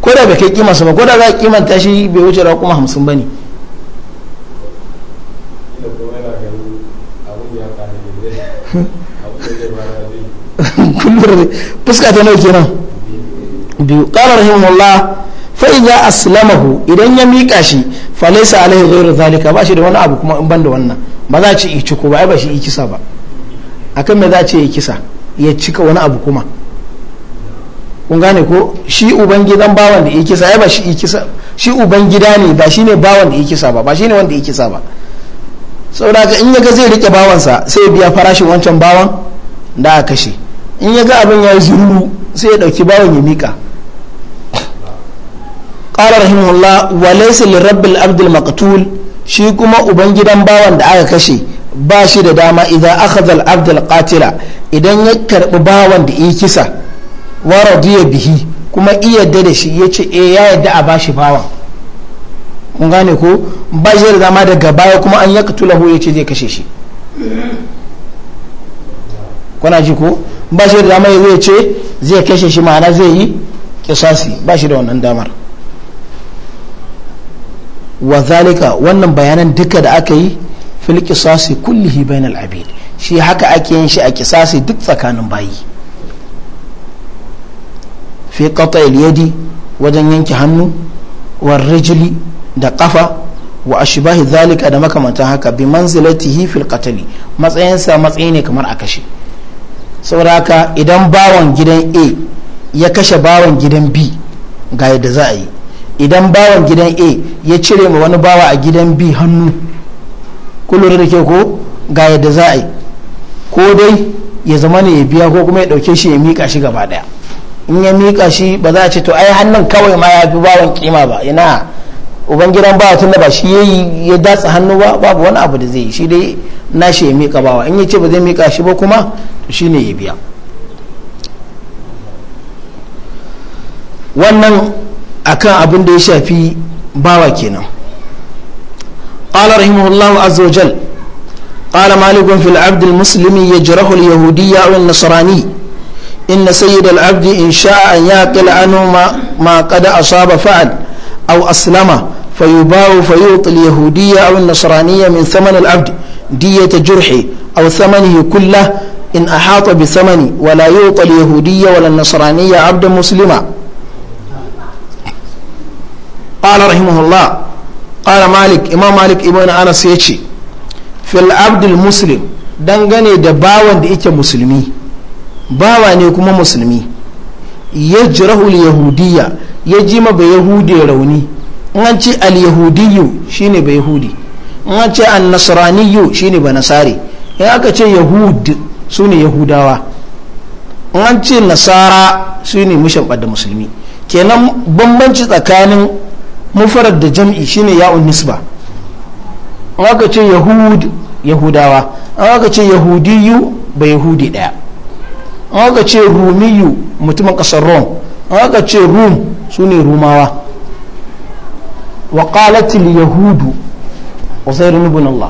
ko da bai kai kimarsa ba ko da za a kimanta shi bai wuce ra kuma hamsin ba ne kullum fuska ta nau kenan biyu qala rahimahullah fa idza aslamahu idan ya mika shi fa laysa alaihi ghayru zalika ba shi da wani abu kuma in banda wannan ba za ci ici ko ba ba shi ikisa ba akan me za ce kisa ya cika wani abu kuma kun gane ko shi ubangidan bawan da ikisa ai ba shi ikisa shi ubangida ne ba shi ne bawan da ikisa ba ba shi ne wanda ikisa ba saboda ka in ya ga zai rike bawansa sai biya farashin wancan bawan da aka kashe in ya ga abin ya yi zururu sai ya dauki bawan ya mika qala rahimahullah wa laysa li rabbil abdul maqtul shi kuma ubangidan bawan da aka kashe ba shi da dama idan akhadha al abdul qatila idan ya karbi bawan da yi kisa wa radiya bihi kuma iya da shi yace eh ya yadda a bashi bawan kun gane ko ba shi da dama daga baya kuma an ya katulahu ya zai kashe shi kuna ji ko ba shi da dama zai kashe shi ma'ana zai yi kisasi ba shi da wannan damar wa zalika wannan bayanan duka da aka yi fil qisasi kullihi bainal abid shi haka ake yin shi a kisasi duk tsakanin bayi fi qata yadi wajen yanke hannu wa rijli da kafa wa ashbahi zalika da makamantan haka bi manzilatihi fil qatli matsayinsa matsayi ne kamar a kashe saboda haka idan bawan gidan A ya kashe bawan gidan B ga yadda za a yi idan bawan gidan a ya cire ma wani bawa a gidan b hannu kullum da ke ko ga yadda za a yi ko dai ya zama ne ya biya ko kuma ya dauke shi ya miƙa shi gaba ɗaya in ya miƙa shi ba za a ce to ai hannun kawai ma ya fi bawan kima ba ina gidan bawa tunda ba shi yayi ya datsa hannu ba babu wani abu da zai yi shi dai na shi ya miƙa bawa in ya ce ba zai miƙa shi ba kuma to shine ya biya wannan akan abin da ya shafi bawa kenan qala rahimahullahu azza wajal qala malikun fil abd al muslimi yajrahu al yahudiyya wal nasrani إن سيد العبد إن شاء أن يعقل عنه ما, ما قد أصاب فعل أو أسلم فيباع فيعطي اليهودية أو النصرانية من ثمن العبد دية جرحه أو ثمنه كله إن أحاط بثمنه ولا يعطى اليهودية ولا النصرانية عبدا مسلما qala rahimahullah qala malik imam malik ibn anas ya ce fil abdul muslim dangane da bawan da yake musulmi bawa ne kuma musulmi ya jirahul yahudiya ya ji ma bai yahudi rauni in an ce al yahudiyu shine bai yahudi in an ce an nasraniyu shine ba nasari in aka ce yahud su ne yahudawa in an nasara su ne mushabba da musulmi kenan bambanci tsakanin mufarad da jam'i shine ya'un nisba an aka ce yahud yahudawa an aka ce yahudiyu ba yahudi daya an aka ce rumiyu mutumin kasar rom an aka ce rum su ne rumawa wa qalatil yahudu usairu ibn allah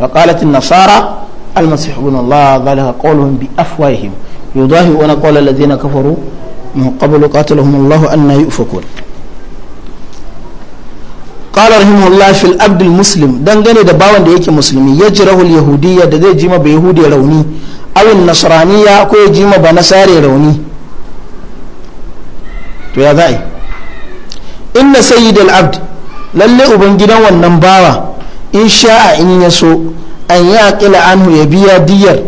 wa qalatil nasara المسيح ابن الله ذلك قولهم بأفواههم يضاهئون قول الذين كفروا من قبل قاتلهم الله أن يؤفكون kalar rahimahullah fil abdul muslim dangane da bawan da yake musulmi ya jirahul yahudiyya da zai jima ba yahudi rauni awin nasraniya ko ya jima ba nasare rauni to ya za'i inna sayyidul abd lalle ubangidan wannan bawa in sha'a in ya so an ya kila anhu ya biya diyar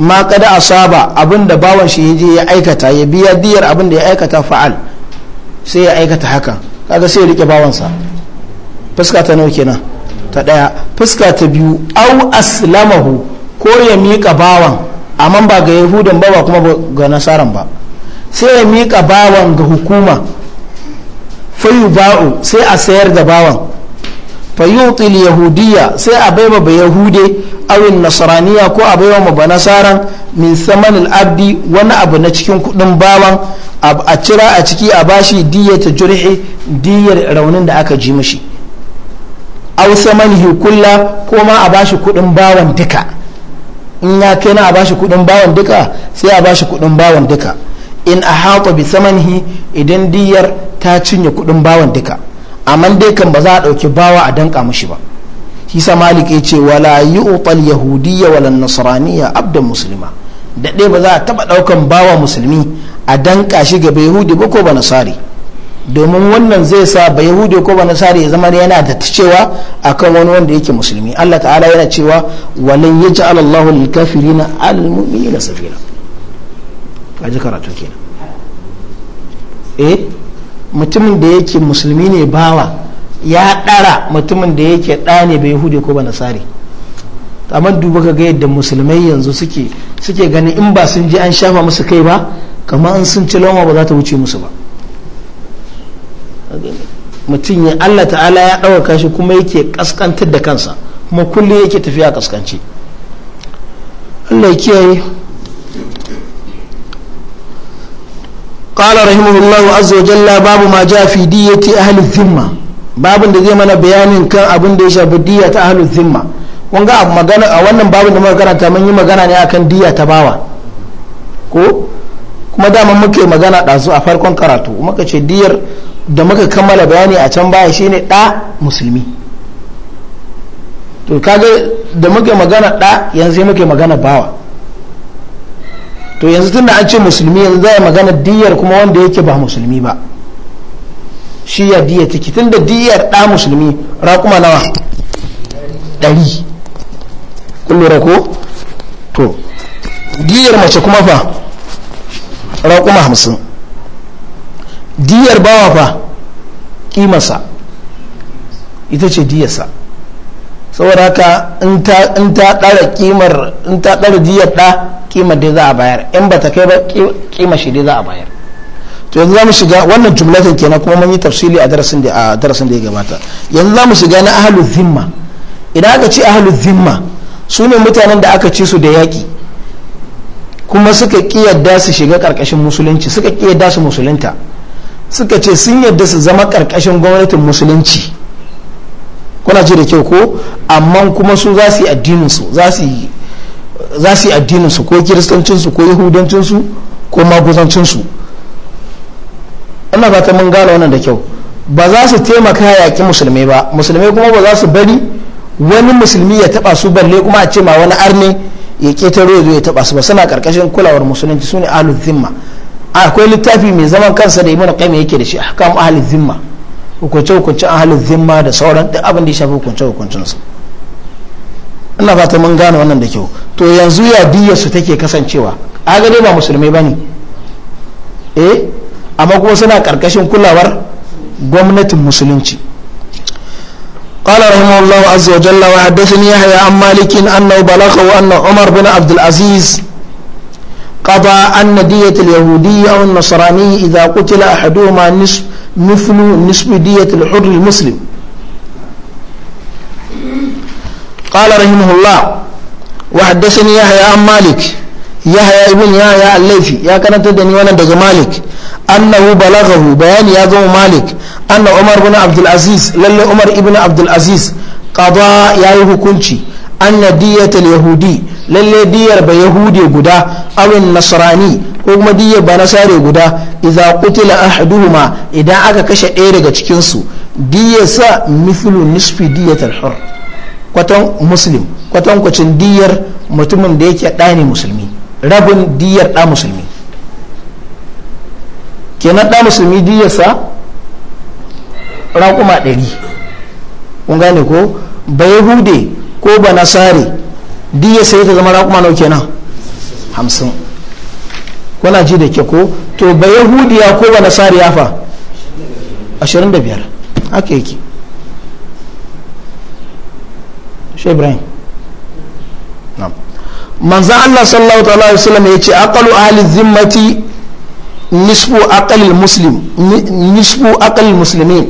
ma kada asaba abinda bawan shi yaje ya aikata ya biya diyar abinda ya aikata fa'al sai ya aikata haka kaga sai ya rike bawansa fuska ta nawa kenan ta daya fuska ta biyu au aslamahu ko ya mika bawan amma ba ga yahudan ba ba kuma ga nasaran ba sai ya mika bawan ga hukuma fayu ba'u sai a sayar da bawan fayutil yahudiya sai a baiwa ba yahude awin nasaraniya ko a baiwa ba nasaran min saman abdi wani abu na cikin kudin bawan a cira a ciki a bashi diyar ta jurhi diyar raunin da aka ji mashi ausa manihi kulla ko ma a bashi kudin bawan duka in ya kai na a bashi kudin bawan duka sai a bashi kudin bawan duka in a hato bi samanihi idan diyar ta cinye kudin bawan duka amma dai kan ba za a ɗauki bawa a danka mushi ba shi sa malik ya ce wala yu'tal yahudiyya wala nasraniyya abda musulma da dai ba za a taɓa ɗaukan bawa musulmi a danka shi ga yahudi ba ko ba nasari domin wannan zai sa ba yahudi ko ba nasara ya zama yana da ta cewa kan wani wanda yake musulmi Allah ta'ala yana cewa walan yaj'al Allahu lil na al mu'minina safira ji karatu kenan eh mutumin da yake musulmi ne bawa ya dara mutumin da yake da ne ba yahude ko ba nasara amma duba ka ga yadda musulmai yanzu suke gani in ba sun je an shafa musu kai ba kamar an sun ci loma ba za ta wuce musu ba mutum ya Allah ta'ala ya ɗauka shi kuma yake kaskantar da kansa kuma kullum yake tafiya kaskance Allah ya kiyaye قال رحمه الله عز وجل باب ما جاء في دية أهل da zai mana bayanin kan abin da ya shafi diya ta ahlul zimma kun ga magana a wannan babin da muka karanta mun yi magana ne akan diyata bawa ko kuma dama muke magana ɗazu a farkon karatu muka ce diyar da muka kammala bayani a can baya shine ɗa musulmi to kaga da muke magana ɗa yanzu muke magana bawa to yanzu tunda an ce musulmi yanzu za a magana diyar kuma wanda yake ba musulmi ba shi ya diya take tunda diyar ɗa musulmi raƙuma nawa ɗari kun ko to diyar mace kuma fa raƙuma hamsin diyar bawa fa kimarsa ita ce diyarsa saboda haka in ta ɗara kimar in ta ɗara diyar ɗa kimar dai za a bayar in ba ta kai ba kimar shi dai za a bayar to yanzu za mu shiga wannan jumlatin kenan kuma mun yi tafsili a darasin da ya gabata yanzu za mu shiga na ahalu zimma idan aka ci ahalu zimma su ne mutanen da aka ci su da yaƙi kuma suka ƙi yadda su shiga ƙarƙashin musulunci suka ƙi yadda su musulunta suka ce sun yadda su zama ƙarƙashin gwamnatin musulunci kuna ce da kyau ko amma kuma su za su yi addininsu za su yi addininsu ko kiristancinsu ko yahudancinsu ko maguzancinsu ina ta mun gane wannan da kyau ba za su taimaka yaƙi musulmi ba musulmi kuma ba za su bari wani musulmi ya taba su balle kuma a ce ma wani arne ya ketaro ya zo ya taɓa su ba suna ƙarƙashin kulawar musulunci su ne ahlul zimma akwai littafi mai zaman kansa da ibn qayyim yake da shi ahkam ahalin zimma hukunce hukuncen ahalin zimma da sauran duk abin da ya shafi hukunce hukuncen ina fata mun gane wannan da kyau to yanzu ya biya su take kasancewa a agade ba ba ne eh amma kuma suna karkashin kulawar gwamnatin musulunci قال رحمه الله عز وجل وحدثني يحيى عن مالك انه بلغه ان عمر بن عبد العزيز قضى أن دية اليهودي أو النصراني إذا قتل أحدهما نصف مثل نصف دية الحر المسلم قال رحمه الله وحدثني يحيى عن مالك يحيى ابن يحيى الليثي يا كانت تدني وانا دغ مالك أنه بلغه بيان يا ذو مالك أن عمر بن عبد العزيز للي عمر ابن عبد العزيز قضى يا يهكنشي anna diyatal yahudi lallai diyar ba yahudi guda awin nasrani ko kuma diyar ba nasare guda idza qutila ahaduhuma idan aka kashe ɗaya daga cikinsu. su diyar sa mithlu nisfi diyatal hur kwatan muslim kwatan kwacin diyar mutumin da yake ɗa ne musulmi rabin diyar ɗa musulmi kenan ɗa musulmi diyar sa raƙuma ɗari kun gane ko ba yahude ko ba nasari duk ya sayi ta zama raƙuma nau kenan hamsin kuna ji da ke ko to ba yahudiya ko ba nasari ya fa ashirin da biyar haka yake shi ibrahim manzan allah sallallahu wa sallam ya ce akalu ahalin zimmati nisbu aqalil muslim nisbu aqalil muslimin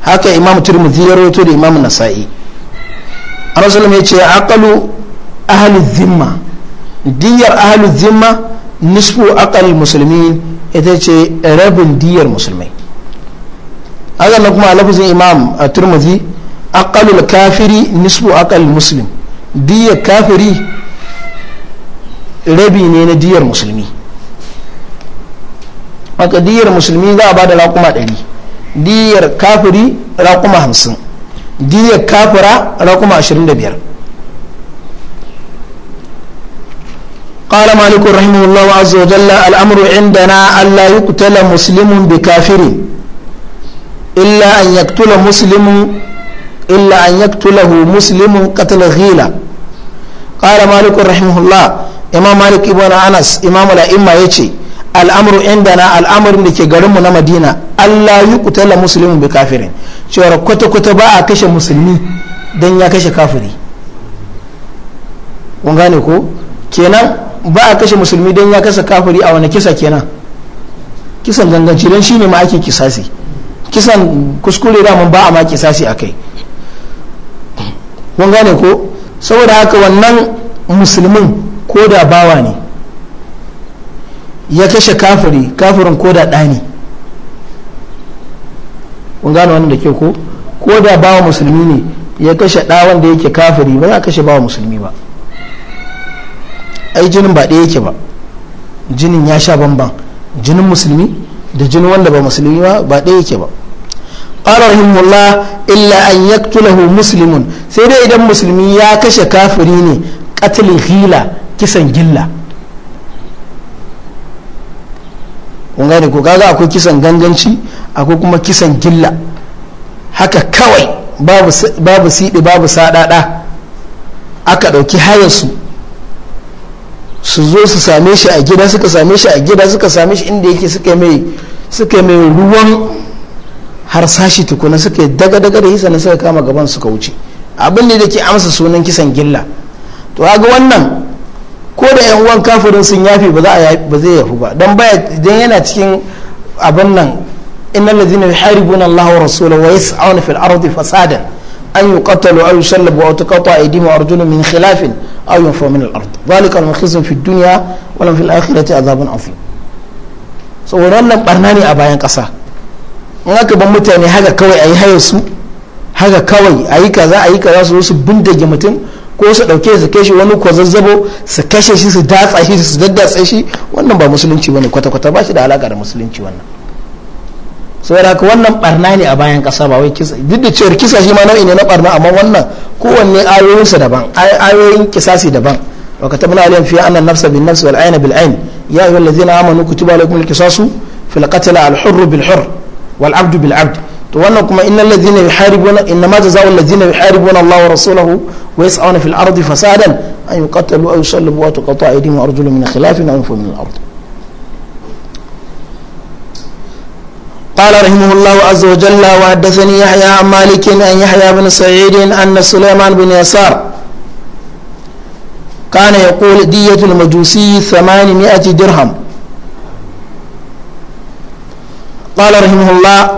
haka imam Turmi ya rawaito da imam nasa'i rasulullah ya ce aqalu ahli zimma diyar ahli zimma nisfu aqal musulmin ita ce rabin diyar musulmai haka na kuma lafazin imam a turmazi aqalu kafiri nisfu aqal muslim diyar kafiri rabi ne na diyar musulmi haka diyar musulmi za a ba da raƙuma 100 diyar kafiri raƙuma hamsin diniyar kafura rakuma 25 ƙara malikun rahimahullahu azawajalla al'amuru inda na Allah yi bi kafirin illa an yaktula musulmin illa an yaktulahu musulmin katala ya ce al'amuru indana al'amarin da ke garinmu na madina allah yi kutala musulmin bi kafirin cewar kwata-kwata ba a kashe musulmi don ya kashe kafiri kun gane ko kenan ba a kashe musulmi don ya kasa kafiri a wani kisa kenan kisan ganganci don shi ne ma ake kisasi kisan kuskure da mun ba a ma kisasi a kai kun gane ko saboda haka wannan musulmin ko da bawa ne ya kashe kafiri kafirin ko da ɗa ne kun gane wannan da ke ko ko da bawa musulmi ne ya kashe ɗa wanda yake kafiri ba za a kashe bawa musulmi ba ai jinin ba ɗaya yake ba jinin ya sha bamban jinin musulmi da jinin wanda ba musulmi ba ba ɗaya yake ba قال رحمه الله إلا أن sai dai idan musulmi ya kashe kafiri ne قتل hila kisan gilla kun gane ko kaga akwai kisan ganganci akwai kuma kisan gilla haka kawai babu siɗi babu saɗaɗa aka ɗauki hayarsu su zo su same shi a gida suka same shi a gida suka same shi inda yake suka mai suka mai ruwan harsashi tukuna suka daga daga da hisa na suka kama gaban suka wuce abin ne da ke amsa sunan kisan gilla to ga wannan ko da yan uwan kafirin sun yafi ba zai yafi ba don baya idan yana cikin abin nan innal ladhina yuharibuna Allah wa rasulahu wa yas'una fil ardi fasadan an yuqatalu aw yusallabu aw tuqata aydihim wa arjuluhum min khilafin aw yunfaw min al-ard dhalika al-khizyun fi ad-dunya wa lahum fil akhirati adhabun azim saboda wannan barna ne a bayan kasa in aka ban mutane haka kawai ayi haye su haka kawai ayi kaza ayi kaza su su bindige mutum ko su ɗauke su kai shi wani kwazazzabo su kashe shi su datsa shi su daddatsa shi wannan ba musulunci bane kwata-kwata ba shi da alaka da musulunci wannan saboda haka wannan barna ne a bayan kasa ba wai kisa duk da cewar kisa shi ma nau'i ne na barna amma wannan kowanne ayoyinsa daban ayoyin kisasi daban wa katabna alayhim fi anna an-nafsa bin-nafs wal-'ayna bil-'ayn ya ayyuhallazina amanu kutiba alaykumul qisasu fil qatl al-hurr bil-hurr wal-'abdu bil-'abd وانكم ان الذين يحاربون انما جزاء الذين يحاربون الله ورسوله ويسعون في الارض فسادا ان يقتلوا او يصلبوا وتقطع ايديهم وارجلهم من خلاف او ينفوا من الارض. قال رحمه الله عز وجل وحدثني يحيى عن مالك ان يحيى بن سعيد ان سليمان بن يسار كان يقول دية المجوسي 800 درهم. قال رحمه الله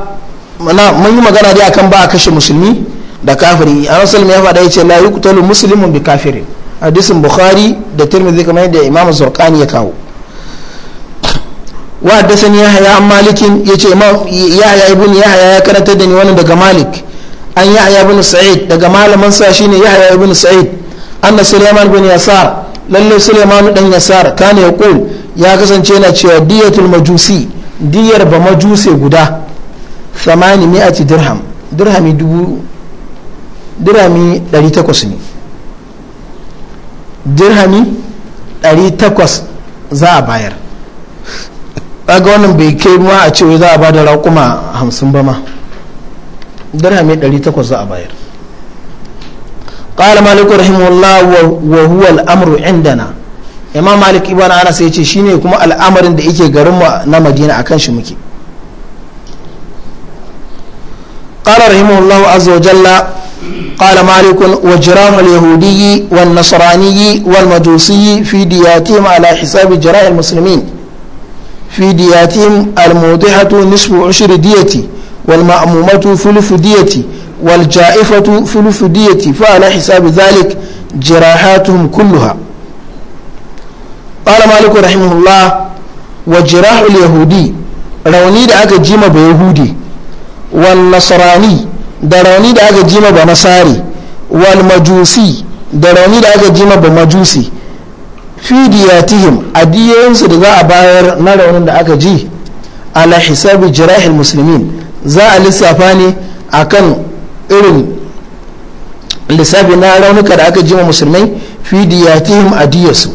mana mun yi magana dai akan ba a kashe musulmi da kafiri a rasul ya faɗa yace la kutalu musulmin bi kafirin hadisin bukhari da tirmidhi kamar yadda imam zurqani ya kawo wa haddathani yahya an malikin yace imam yahya ibn yahya ya karanta da ni wani daga malik an yahya ibn sa'id daga malaman sa shine yahya ibn sa'id anna sulaiman bin yasar lalle sulaiman dan yasar kana yaqul ya kasance na cewa diyatul majusi diyar ba majuse guda samani mi'ati dirham dirhami dubu dirhami takwas ne dirhami takwas za a bayar ɗaga wannan bai kai ma a cewa za a ba da raƙuma hamsin ba ma dirhami takwas za a bayar قال allah wa الله وهو inda na imam malik ibn anas ya ce shine kuma al'amarin da yake garin mu na madina akan shi muke قال رحمه الله عز وجل قال مالك وجرام اليهودي والنصراني والمجوسي في دياتهم على حساب جراء المسلمين في دياتهم الموضحة نصف عشر ديتي والمأمومة ثلث ديتي والجائفة ثلث ديتي فعلى حساب ذلك جراحاتهم كلها قال مالك رحمه الله وجراح اليهودي روني دا أكا جيما بيهودي wal da rauni da aka jima ba nasari wal majusi da rauni da aka ma ba majusi diyatihim adiyoyinsu da za a bayar na raunin da aka ji ala hisabi jirahil musulmin za a lissafa ne akan irin lissafi na raunuka da aka ji musulmai fidiyatihim adiyarsu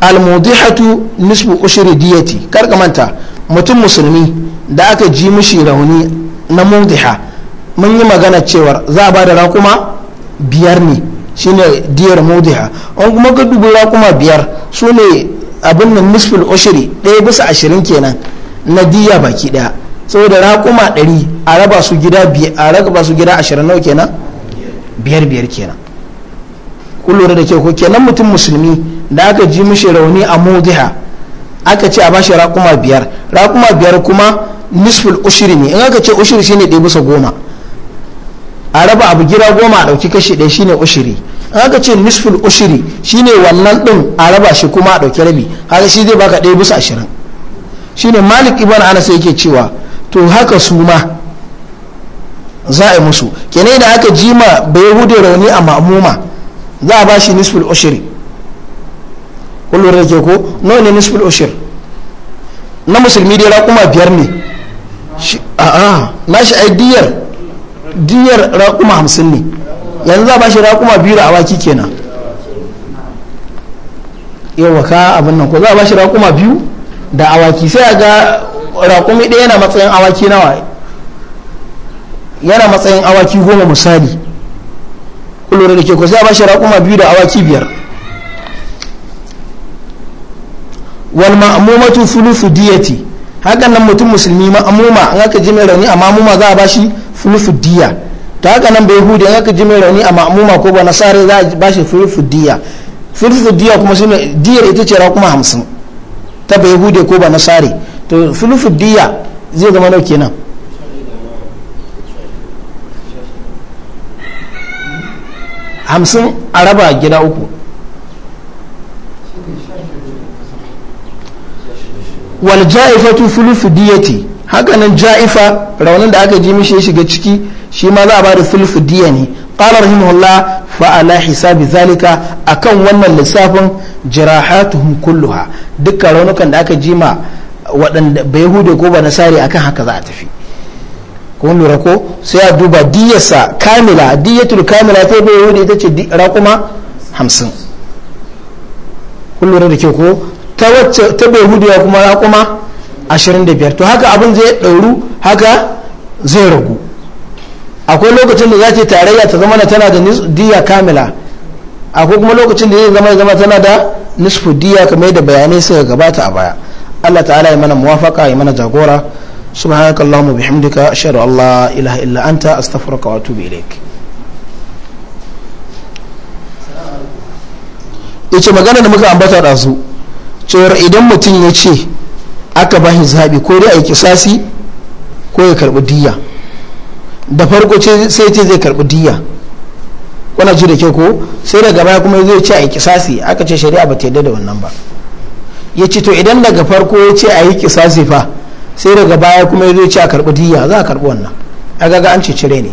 almudihatu nisbu ushri diyati karka manta mutum musulmi da aka ji mishi rauni na mudiha mun yi magana cewar za a ba da rakuma biyar ne shine diyar mudiha an kuma ga dubu rakuma biyar su ne abin nan nisful ushiri ɗaya bisa ashirin kenan na diya baki ɗaya saboda rakuma ɗari a raba su gida a su gida ashirin nawa kenan biyar biyar kenan Kullum da kyau ko kenan mutum musulmi da aka ji mishi rauni a mudiha aka ce a bashi rakuma biyar raƙuma biyar kuma nisful ushiri ne in aka ce ushiri shine ɗaya bisa goma a raba abu gira goma a ɗauki kashi ɗaya shine ushiri in aka ce nisful ushiri shine wannan ɗin a raba shi kuma a ɗauki rabi haka shi zai baka ɗaya bisa ashirin shine malik ibn anas yake cewa to haka su ma za a yi musu kenai da aka jima bai hude rauni a ma'amuma za a ba shi nisful ushiri kullum da ke ko nawa ne nisful ushir na musulmi dai kuma biyar ne a'a nashi ai diyar diyar raƙuma hamsin ne yanzu za ba shi raƙuma biyu da awaki kenan yawa ka abin nan ko za a ba shi raƙuma biyu da awaki sai a ga raƙumi ɗaya yana matsayin awaki nawa yana matsayin awaki goma misali kullum da ke ko sai a ba shi raƙuma biyu da awaki biyar wal ma'amumatu fulufu diyati hakan nan mutum musulmi amuma an aka ji mai rauni a ma'amuma za a bashi fulfuddiya to haka nan bai hudu an aka ji mai rauni a ma'amuma ko ba nasare za a ba bashi fulfuddiya fulfuddiya kuma shine diyar ita ce kuma hamsin ta bai hude ko ba nasare to fulfuddiya zai zama nau kenan hamsin a raba gida uku wal ja'ifatu thuluth diyati haka nan ja'ifa raunin da aka ji mishi ya shiga ciki shi ma za a ba da thuluth diya ne qala rahimahullah fa ala hisabi zalika akan wannan lissafin jirahatuhum kulluha duka raunukan da aka ji ma waɗanda bai hude ko ba nasari akan haka za a tafi kun lura ko sai a duba diyasa kamila diyatul kamila ta bai hude ita ce raƙuma hamsin kun lura da kyau ko ta wacce ta behudiya kuma raƙuma 25 to haka abin zai ɗauru haka zai ragu akwai lokacin da za ta tarayya ta zama tana da diya kamila akwai kuma lokacin da zai zama zama tana da nisfu diya kamar da bayanai suka gabata a baya Allah ta'ala ya mana muwafaka ya mana jagora سبحانك اللهم وبحمدك أشهد أن لا إله إلا أنت أستغفرك yace magana da muka ambata da su cewar idan mutum ya ce aka ba shi zaɓi ko dai a yi kisasi ko ya karɓi diya da farko sai ce zai karɓi diya kuna ji da ke ko sai daga baya kuma zai ce a yi kisasi aka ce shari'a ba ta yadda da wannan ba ya ce to idan daga farko ya ce a yi kisasi fa sai daga baya kuma ya zo ce a karɓi diya za a karɓi wannan a gaga an ce cire ne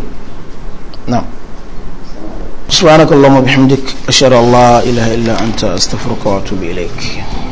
na subhanakallahumma bihamdik ashhadu an la ila illa anta astaghfiruka wa atubu ilaik